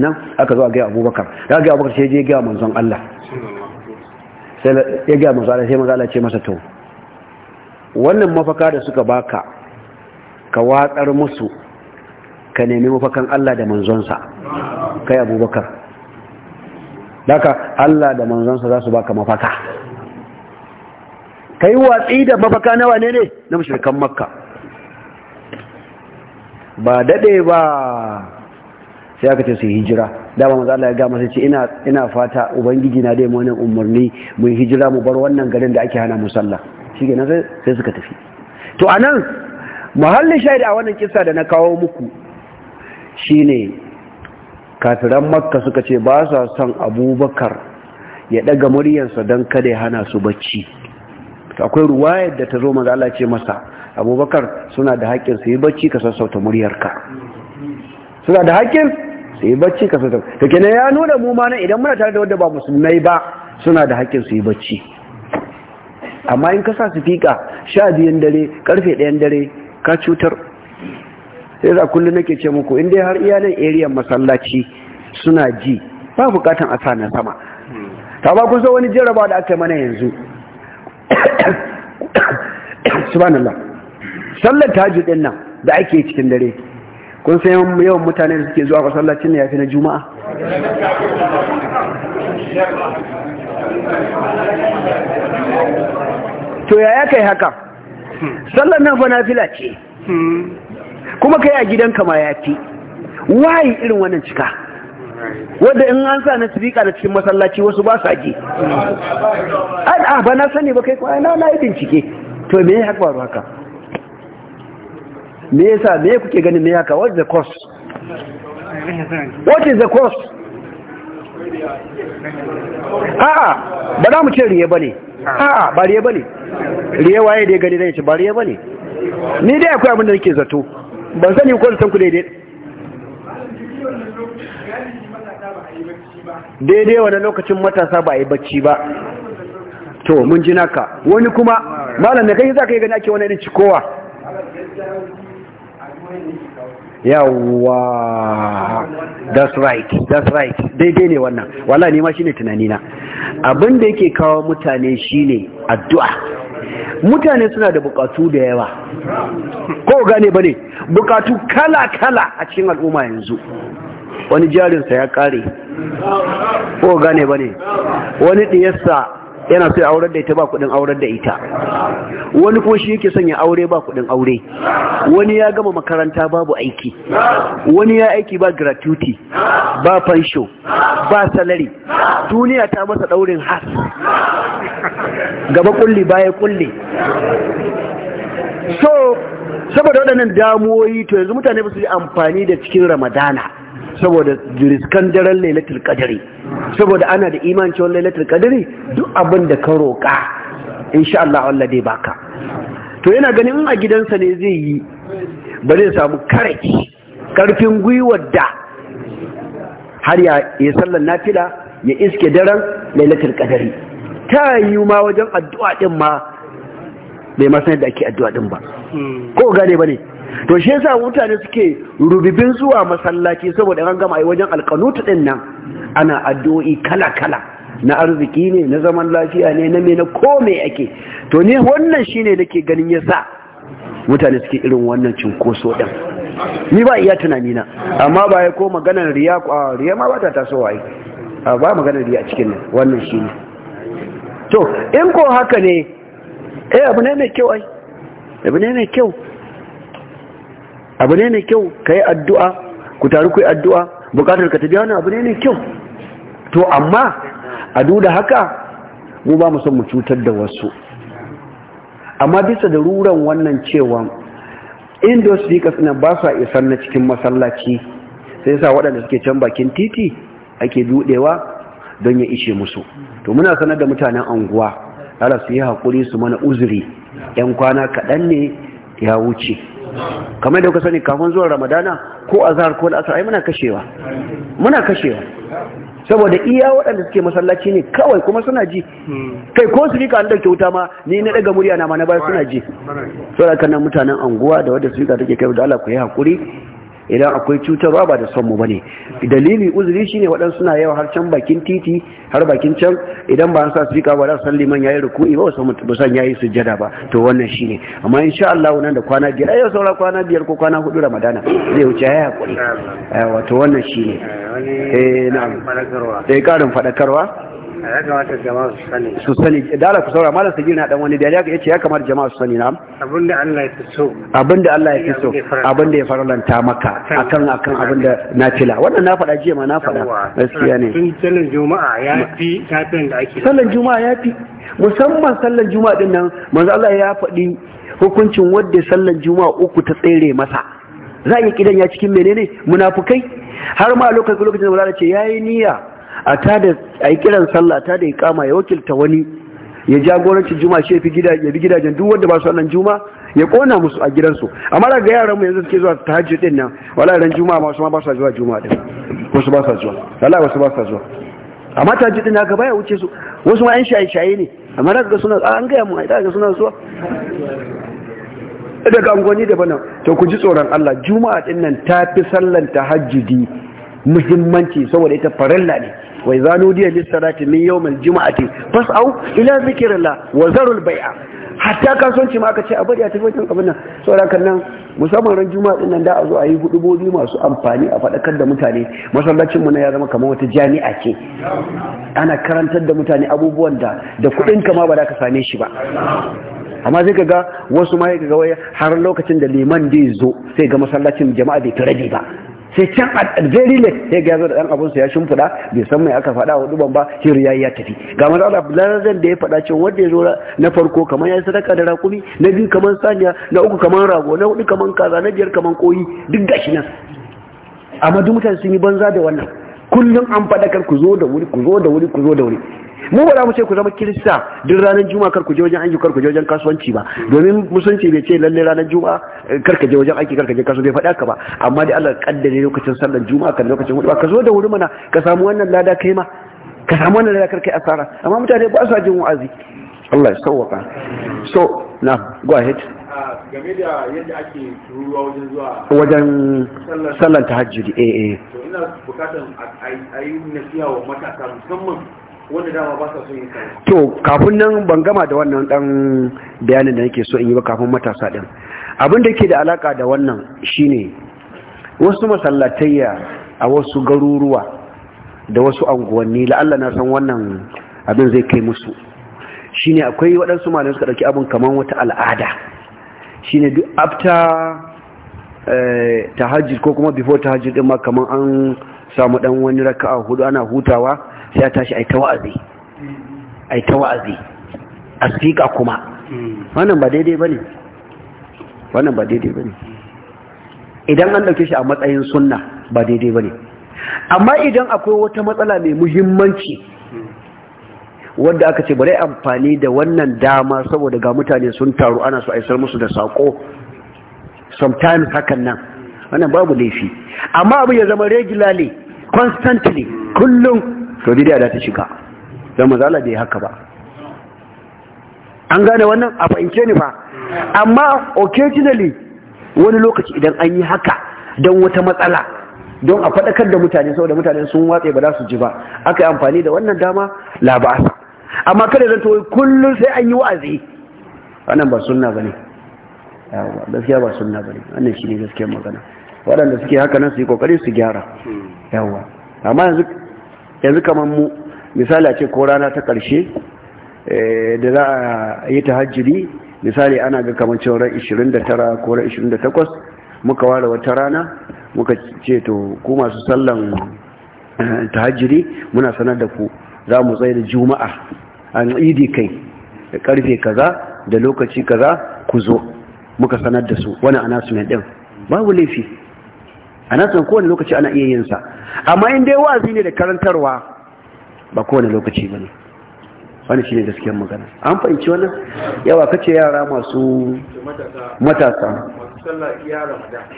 nan aka zo a gaya abubakar ya gaya abubakar sai je gaya manzon Allah sai ya gaya manzon Allah sai manzon Allah ce masa to wannan mafaka da suka baka ka watsar musu ka nemi mafakan Allah da manzonsa kai abubakar daga Allah da manzonsa za su baka mafaka ka yi watsi da mafaka na wane ne na mashirkan makka ba daɗe ba sai aka ce su yi hijira dama maza Allah ya ga sai ce ina fata ubangiji na dai wani umarni mu yi hijira mu bar wannan garin da ake hana musalla sallah shi ke sai suka tafi to a nan, muhallin shaida a wannan kisa da na kawo muku shine kafiran makka suka ce ba sa son abubakar ya ɗaga muryarsa don kada ya hana su bacci to akwai ruwayar da ta zo maza Allah ce masa abubakar suna da haƙƙin su yi bacci ka sassauta muryarka suna da haƙƙin su yi bacci ka sassauta to kenan ya nuna mu ma idan muna tare da wanda ba musulmai ba suna da haƙƙin su yi bacci amma in ka sa su fiƙa sha biyun dare karfe ɗayan dare ka cutar sai za kullum nake ce muku in dai har iyalan area masallaci suna ji ba bukatan a sa na sama ta ba ku zo wani jarraba da aka mana yanzu subhanallah sallar tahajjud din nan da ake cikin dare kun san yawan mutane da suke zuwa masallacin ne yafi na juma'a to yaya kai haka sallar nan fana fila ce kuma kai a gidanka ma ya fi. wayi irin wannan cika wadda in an sa na sirika da cikin masallaci wasu ba sa ji a ba na sani ba kai kwa na na yi bincike to me ya faru haka me yasa me kuke ganin me haka what is the cost? what is the a a'a ba za mu ce riye bane a'a ba riye bane riye waye da ya gani zai ce ba riye bane ni dai akwai abin da nake zato ban sani ko san ku daidai daidai wani lokacin matasa ba a yi bacci ba to mun ji naka wani kuma malam da kai za ka yi gani ake wani irin cikowa yawwa that's right that's right daidai ne wannan wala ne ma shine tunanina abin da yake kawo mutane shine addu'a mutane suna da bukatu da yawa ko gane ba ne bukatu kala-kala a cikin al'umma yanzu wani jarinsa ya kare ko gane ba ne wani ɗiyarsa yana sai aurar da ita ba kudin aure da ita wani kuma shi yake sanya aure ba kudin aure wani ya gama makaranta babu aiki wani ya aiki ba gratuity ba fansho ba salari duniya ta masa daurin has gaba kulli baya kulli so saboda waɗannan damuwoyi to yanzu mutane ba su yi amfani da cikin ramadana saboda juriskan daren lailatul kadari, saboda ana da iman cewa lailatul kadari duk abin da ka roƙa insha Allah Allah dai baka to yana ganin in a gidansa ne zai yi ba zai samu kare karfin gwiwar da har ya yi sallar nafila ya iske daren lailatul kadari. ta yi ma wajen addu'a din ma bai ma da ake addu'a din ba ko gane bane to shi yasa mutane suke rububin zuwa masallaci saboda an gama ai wajen alqanut din nan ana addu'o'i kala kala na arziki ne na zaman lafiya ne na me na ko me ake to ne wannan shine nake ganin yasa mutane suke irin wannan cinkoso din ni ba iya tunani na amma ba ya ko maganar riya ko riya ma ba ta taso ai ba maganar riya cikin nan wannan shine to in ko haka ne eh abu ne mai kyau ai abu ne mai kyau abu ne mai kyau ka yi addu'a ku taru ku yi addu'a bukatar ka ta biya wani abu ne mai kyau to amma a duda haka mu ba son mu cutar da wasu amma bisa da ruran wannan cewa indos dikas na ba su isar na cikin masallaci sai sa waɗanda suke can bakin titi ake dudewa don ya ishe musu to muna sanar da mutanen anguwa ala su yi haƙuri su mana uzuri 'yan kwana kaɗan ne ya wuce kamar da kuka sani kafin zuwa ramadana ko azhar ko al'asar ai muna kashewa muna kashewa saboda iya waɗanda suke masallaci ne kawai kuma suna ji kai ko su rika an kyauta wuta ma ni na daga murya na ma na suna ji saboda kan mutanen anguwa da wadda su rika take kai da Allah ku yi hakuri idan akwai cutarwa ba da son mu bane dalili uzuri shine waɗansu suna yawa har can bakin titi har bakin can idan ba an sa su rika ba za su san liman yayi ruku'i ba wasu ba san yayi sujjada ba to wannan shine amma insha Allah nan da kwana biyar ayo saura kwana biyar ko kwana hudu Ramadana zai wuce yayi hakuri wato wannan shine eh, eh na'am eh karin fadakarwa ya kamata jama'a su sani su sani dala ku saura malam sagir na dan wani da ya ce ya kamata jama'a su sani na abinda Allah ya fi so abinda Allah ya fi so abinda ya maka akan akan abinda na fila wannan na faɗa jiya ma na faɗa gaskiya ne tun sallan juma'a ya fi kafin da ake sallan juma'a ya fi musamman sallan juma'a din nan manzo Allah ya faɗi hukuncin wadda sallan juma'a uku ta tsere masa za a yi kidan ya cikin menene munafukai har ma lokacin lokacin da ce yayi niyya a ta da a yi kiran sallah ta da ikama ya wakilta wani ya jagoranci juma shi ya bi gidajen duk wanda ba su wannan juma ya kona musu a gidansu amma daga yaran mu yanzu suke zuwa tahajjud din nan wala ran juma ma su ma ba zuwa juma din wasu ba sa zuwa wala wasu ba sa zuwa amma tahajjud din haka baya wuce su wasu ma an shaye shaye ne amma daga suna an ga mu daga suna zuwa daga angoni daban nan to ku ji tsoron Allah juma'a din nan ta fi sallan tahajjudi muhimmanci saboda ita farilla ne Wai idza nudiya lis-salati min yawm al-jum'ati fas'au ila dhikrillah wa zarul bai'a hatta kasuwanci ma aka ce a bari a tafi wajen abin nan saboda kan nan musamman ran juma'a din nan da a zo a yi hudubobi masu amfani a faɗakar da mutane masallacin mu na ya zama kamar wata jami'a ce ana karantar da mutane abubuwan da da kuɗin ka ma ba za ka same shi ba amma zai ga wasu ma ya ga wai har lokacin da liman dai zo sai ga masallacin jama'a bai tare ba sai can a very late sai ga zo da dan abunsa ya shimfida bai san mai aka faɗa wa duban ba hir yayi ya tafi ga manzo Allah larazan da ya faɗa cewa wanda ya zo na farko kamar ya sadaka da rakumi na biyu kamar saniya na uku kamar rago na hudu kamar kaza na biyar kamar koyi duk gashi nan amma duk mutane sun yi banza da wannan kullum an faɗakar ku zo da wuri ku zo da wuri ku zo da wuri mu ba za mu ce ku zama kirista duk ranar juma'a kar ku je wajen aiki kar ku je wajen kasuwanci ba domin musulunci bai ce lalle ranar juma'a eh, kar ka je wajen aiki kar ka je kasuwanci bai faɗa ka ba amma dai Allah kaddare lokacin sallar juma'a kan lokacin hudu ba ka zo da wuri mana ka samu wannan lada kai ma ka samu wannan lada kar kai asara amma mutane ba su jin wa'azi Allah ya sauwaka so na go ahead game da yadda ake turuwa wajen zuwa wajen sallar tahajjudi eh eh to ina bukatan a yi nasiha wa matasa musamman wanda dama ba sa son yin sallah to kafin nan ban gama da wannan dan bayanin da nake so in yi ba kafin matasa din abin da ke da alaka da wannan shine wasu masallatayya a wasu garuruwa da wasu anguwanni la'alla na san wannan abin zai kai musu shine akwai waɗansu malamai suka ɗauki abin kamar wata al'ada shine duk after eh, tahajjud ko kuma before tahajjud din ma kaman an samu dan wani raka'a hudu ana hutawa sai a tashi ai tawazi ai tawazi asfika kuma wannan ba daidai bane wannan ba daidai bane idan an dauke shi a matsayin sunna ba daidai bane amma idan akwai wata matsala mai muhimmanci wanda aka ce bari amfani da wannan dama saboda ga mutane sun taru ana su aisar musu da sako sometimes hakan nan wannan babu laifi amma abu ya zama regularly constantly kullum to bidiya da ta shiga don mazala bai haka ba an gane wannan a fahimce ni ba amma occasionally wani lokaci idan an yi haka don wata matsala don a faɗakar da mutane saboda mutane sun watse ba za su ji ba aka yi amfani da wannan dama labasa amma kada zan tawai kullum sai an yi wa'azi wannan ba sunna ba ne gaskiya ba sunna ba ne wannan shi ne gaskiyar magana waɗanda suke haka nan su yi ƙoƙari su gyara yawa amma yanzu kamar mu misali a ce ko rana ta ƙarshe eh, da za a yi ta hajjiri misali ana ga kamar cewa 29 ko ran 28 muka ware wata rana muka ce to ku masu sallan eh, ta hajjiri muna sanar da ku za mu tsaye da juma'a an idi kai da karfe kaza da lokaci kaza ku zo muka sanar da su wani announcement din babu laifi announcement kowane lokaci ana iya yin sa amma in dai wa'azi ne da karantarwa ba kowane lokaci bane wani shine gaskiyar magana an fahimci wannan yawa kace yara masu matasa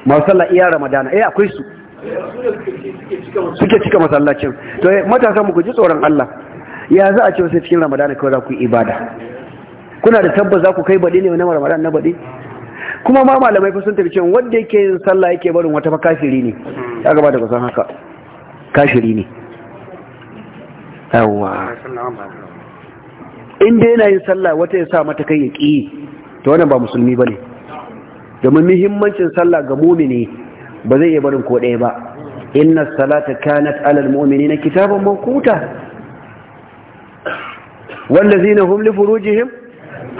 masu sallah iya ramadana eh akwai su suke cika masallacin to eh, matasan mu ku ji tsoron Allah ya za a ce wasu cikin ramadana kawai za ku yi ibada kuna da tabbas za ku kai baɗi ne na ramadan na baɗi kuma ma malamai fa sun tafi cewa wanda yake yin sallah yake barin wata fa kafiri ne ya gaba da kusan haka kafiri ne yawwa in dai yana yin sallah wata ya sa mata kai ya ƙi to wannan ba musulmi ba ne. domin muhimmancin sallah ga mumini ba zai iya barin ko ɗaya ba inna salata kanat alal mu'minina kitaban mawquta wallazina hum li furujihim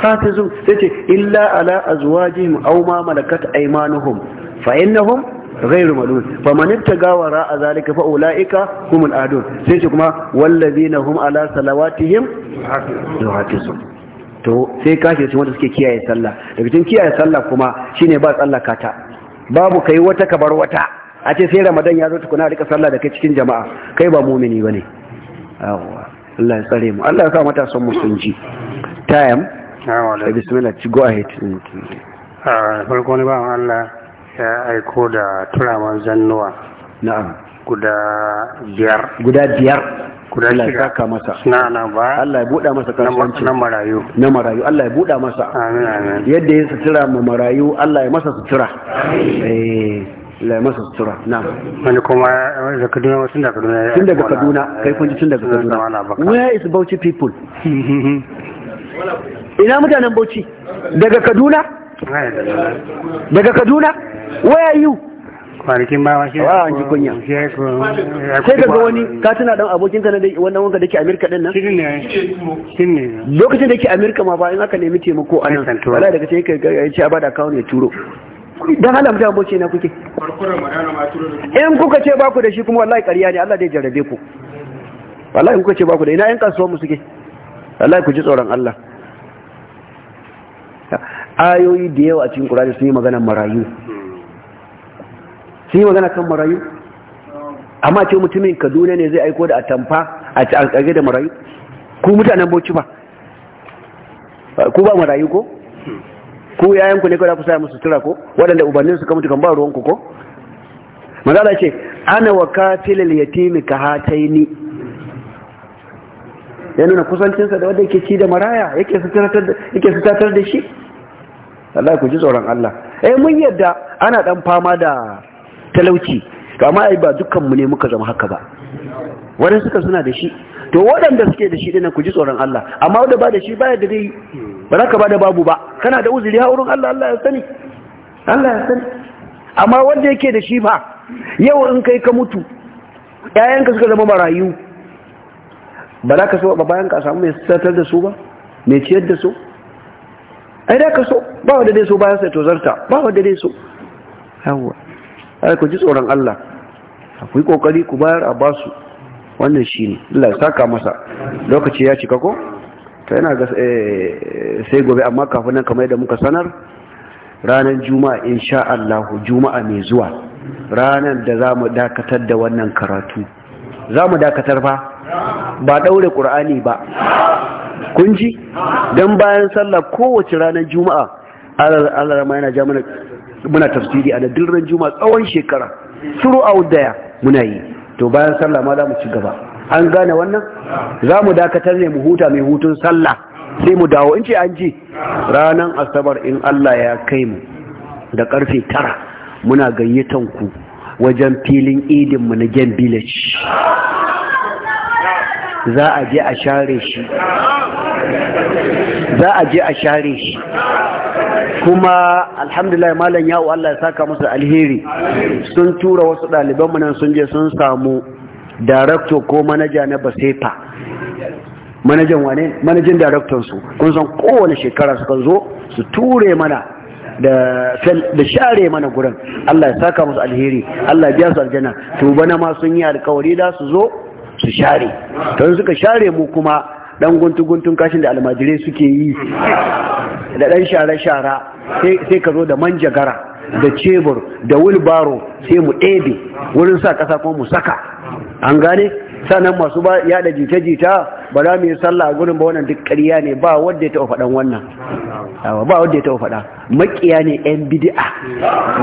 hafizun ce illa ala azwajihim aw ma malakat aymanuhum fa innahum غير ملون فمن ابتغى وراء ذلك فاولئك هم العادون sai ce kuma wallazina hum ala salawatihim yuhafizun to sai kashe su wanda suke kiyaye sallah daga kiyaye sallah kuma shine ba tsallakata. babu kai wata ka bar wata a ce sai ramadan ya zo tukuna rika sallah da kai cikin jama'a kai ba mumini bane yawa Allah ya tsare mu Allah ya sa matasan mu sun ji time bismillah go ahead ah, farko ne ba Allah ya aiko da turaman zannuwa na'am guda biyar guda biyar guda Allah ya saka masa na na ba Allah ya buɗa masa kasuwanci na marayu na marayu Allah ya buɗa masa amin amin yadda ya sutura ma marayu Allah ya masa sutura eh la masa sutura na wani kuma da kaduna wasu daga kaduna tun daga kaduna kai kun ji tun daga kaduna where is bauchi people ina mutanen bauchi daga kaduna daga kaduna where are you kwanakin ba wa shi a an ji kunya sai ka ga wani ka tana dan abokin ka na wannan wanka da ke Amerika din nan shine lokacin da ke Amerika ma ba in aka nemi taimako a nan wala daga sai ka ga ya ce a bada account ya turo dan hana mutum abokin na kuke in kuka ce ba ku da shi kuma wallahi ƙarya ne Allah zai jarrabe ku wallahi kuka ce ba ku da ina yan kasuwar mu suke wallahi ku ji tsoron Allah ayoyi da yawa a cikin Qur'ani sun yi maganar marayu sun yi magana kan marayu amma ce mutumin kaduna ne zai aiko da atamfa a tsage da marayu ku mutanen bauchi ba ku ba marayu ko ku yayan ku ne kada ku sa musu tura ko waɗanda ubannin su mutu kan ba ruwan ku ko mazala ce ana wa katilil yatimi ka hataini ya nuna kusancinsa da wanda yake ci da maraya yake sutatar da shi Allah ku ji tsoron Allah eh mun yadda ana dan fama da talauci ga ma ai ba dukkanmu ne muka zama haka ba wani suka suna da shi to waɗanda suke da shi dinan ku ji tsoron Allah amma wanda ba da shi baya da dai ba za ka ba da babu ba kana da uzuri ha wurin Allah Allah ya sani Allah ya sani amma wanda yake da shi ba yau in kai ka mutu ƴaƴanka suka zama marayu ba za ka so ba bayan ka samu mai satar da su ba mai ciyar da su ai da ka so ba wanda dai so bayan sai to zarta ba wanda dai so yawwa ai ku ji tsoron Allah ku yi kokari ku bayar a basu wannan shine Allah ya saka masa lokaci ya cika ko to yana ga eh, sai gobe amma kafin nan kamar da muka sanar ranar juma'a insha Allah juma'a mai zuwa ranar da za mu dakatar da wannan karatu za mu dakatar fa ba daure ƙur'ani ba kun ji dan bayan sallah kowace ranar juma'a alarama yana ja mana muna tafsiri a nadirin ran tsawon shekara Suru a daya muna yi to bayan sallah ma za mu ci gaba an gane wannan za mu dakatar ne mu huta mai hutun sallah sai mu dawo in ce an ji ranar asabar in Allah ya kai mu da karfe tara muna gayyatan ku wajen filin idin mu na gen village za a je a share shi za a je a share shi kuma alhamdulillah malam yawo Allah ya saka musu alheri sun tura wasu ɗaliban nan sun je sun samu darakto ko manaja na basefa manajan wane manajin daraktonsu kun san kowane shekara suka zo su ture mana da share mana gurin Allah ya saka musu alheri Allah ya biya su aljanna to bana ma sun yi alkawari da su zo su share to suka share mu kuma dan guntun-guntun kashin da almajirai suke yi da dan share-share sai ka zo da manjagara da cebur da wilbaro sai mu ɗebe wurin sa ƙasa kuma mu saka an gane sannan masu ba da jita-jita ba za mu yi sallah a gurin ba wannan duk ƙarya ne ba wadda ya taɓa faɗan wannan ba wadda ya taɓa faɗa maƙiya ne 'yan bidi'a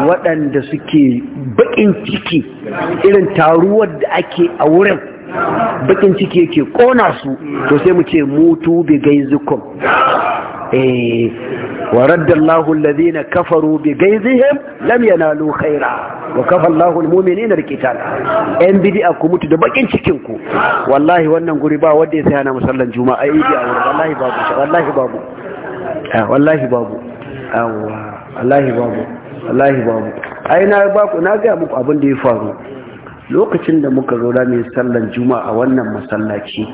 waɗanda suke baƙin ciki irin taruwar da ake a wurin bakin ciki yake kona su to sai mu ce mutu bi gaizikum eh wa raddallahu alladhina kafaru bi gaizihim lam yanalu khaira wa kafa Allahu almu'minina alqital en bid'a ku mutu da bakin cikin ku wallahi wannan guri ba wanda ya sayana musallan juma'a ai bi a wallahi babu wallahi babu ah, wallahi babu wallahi babu wallahi babu ai na ba ku na ga muku abin da ya faru lokacin da muka zo da mai sallan juma'a a wannan masallaci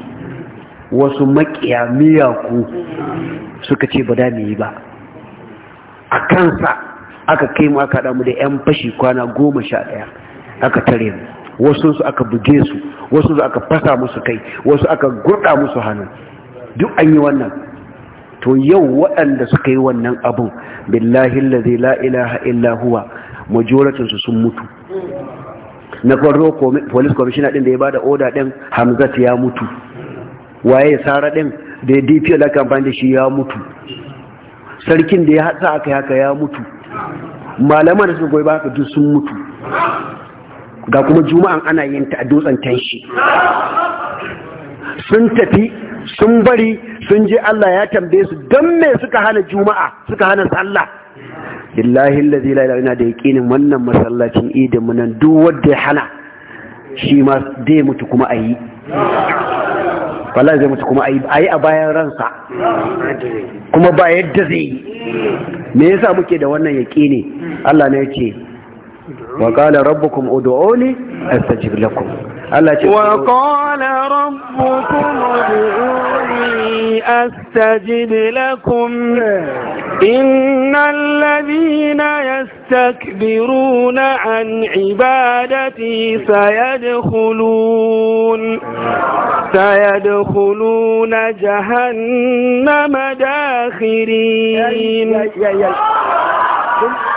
wasu makiya miyaku suka ce ba da mai yi ba a kansa aka kai mu aka damu da 'yan fashi kwana goma sha ɗaya aka tare mu wasu su aka buge su wasu su aka fasa musu kai wasu aka gurɗa musu hannu duk an yi wannan to yau waɗanda suka yi wannan abun billahi lazi la ilaha illa huwa majoritinsu sun mutu na farko police commissioner din da ya da order din hamzat ya mutu waye sara ɗin da ya dpl aka amfani da shi ya mutu sarkin da ya hatsa aka haka ya mutu malaman da suka goyi ba haka duk sun mutu ga kuma juma'an ana yin ta a dutsen tanshi sun tafi sun bari sun je Allah ya tambaye su don me suka hana juma'a suka hana sallah billahi lalzi la ilaha illa da yaqinin wannan masallacin idin mu nan duk wadda ya hana shi ma zai mutu kuma a yi. wallahi zai mutu kuma a yi a bayan ransa kuma ba yadda zai yi me yasa muke da wannan yaqini Allah ne yake wa qala rabbukum ud'uni astajib lakum وقال ربكم ادعوني أستجب لكم إيه. إن الذين يستكبرون عن عبادتي سيدخلون سيدخلون جهنم داخرين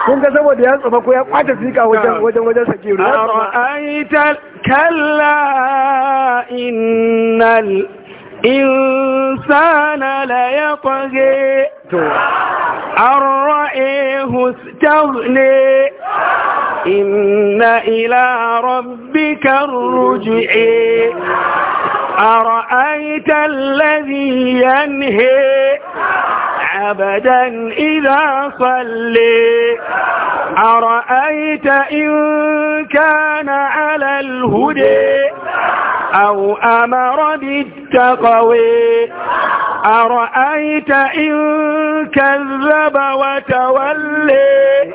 kun ga saboda ya tsoma ko ya kwata sika wajen wajen wajen sake ruwa ara'aita kalla innal insana la yaqge to ara'ahu istaghni inna ila rabbika ruj'i ara'aita alladhi yanhi أبدا إذا صلي أرأيت إن كان على الهدى أو أمر بالتقوي أرأيت إن كذب وتولي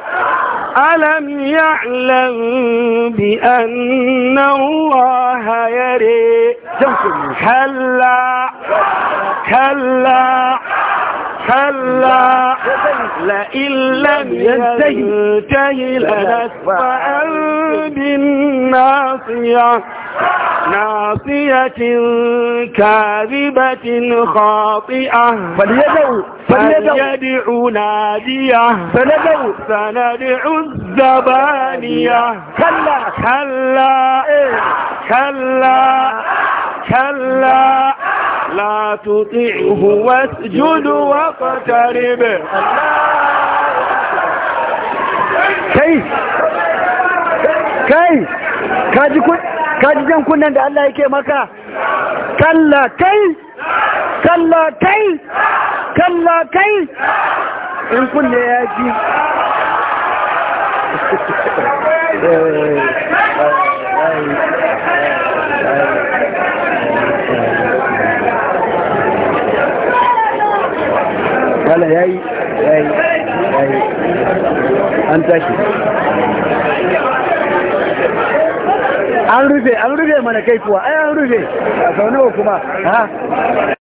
ألم يعلم بأن الله يري كلا كلا كلا لئن لم ينتهي لنسفعا بالناصية ناصية كاذبة خاطئة فليدعو فليدعو نادية فندعوا سندعو الزبانية كلا كلا إيه، كلا كلا لا تطعه واسجد واقترب kai kai kaji kaji jan kunnan da Allah yake maka kalla kai kalla kai kalla kai in kunne ya ji kala ya yi ya yi ya yi an tashi an rufe an rufe mana kai kuwa ai an rufe a kuma ha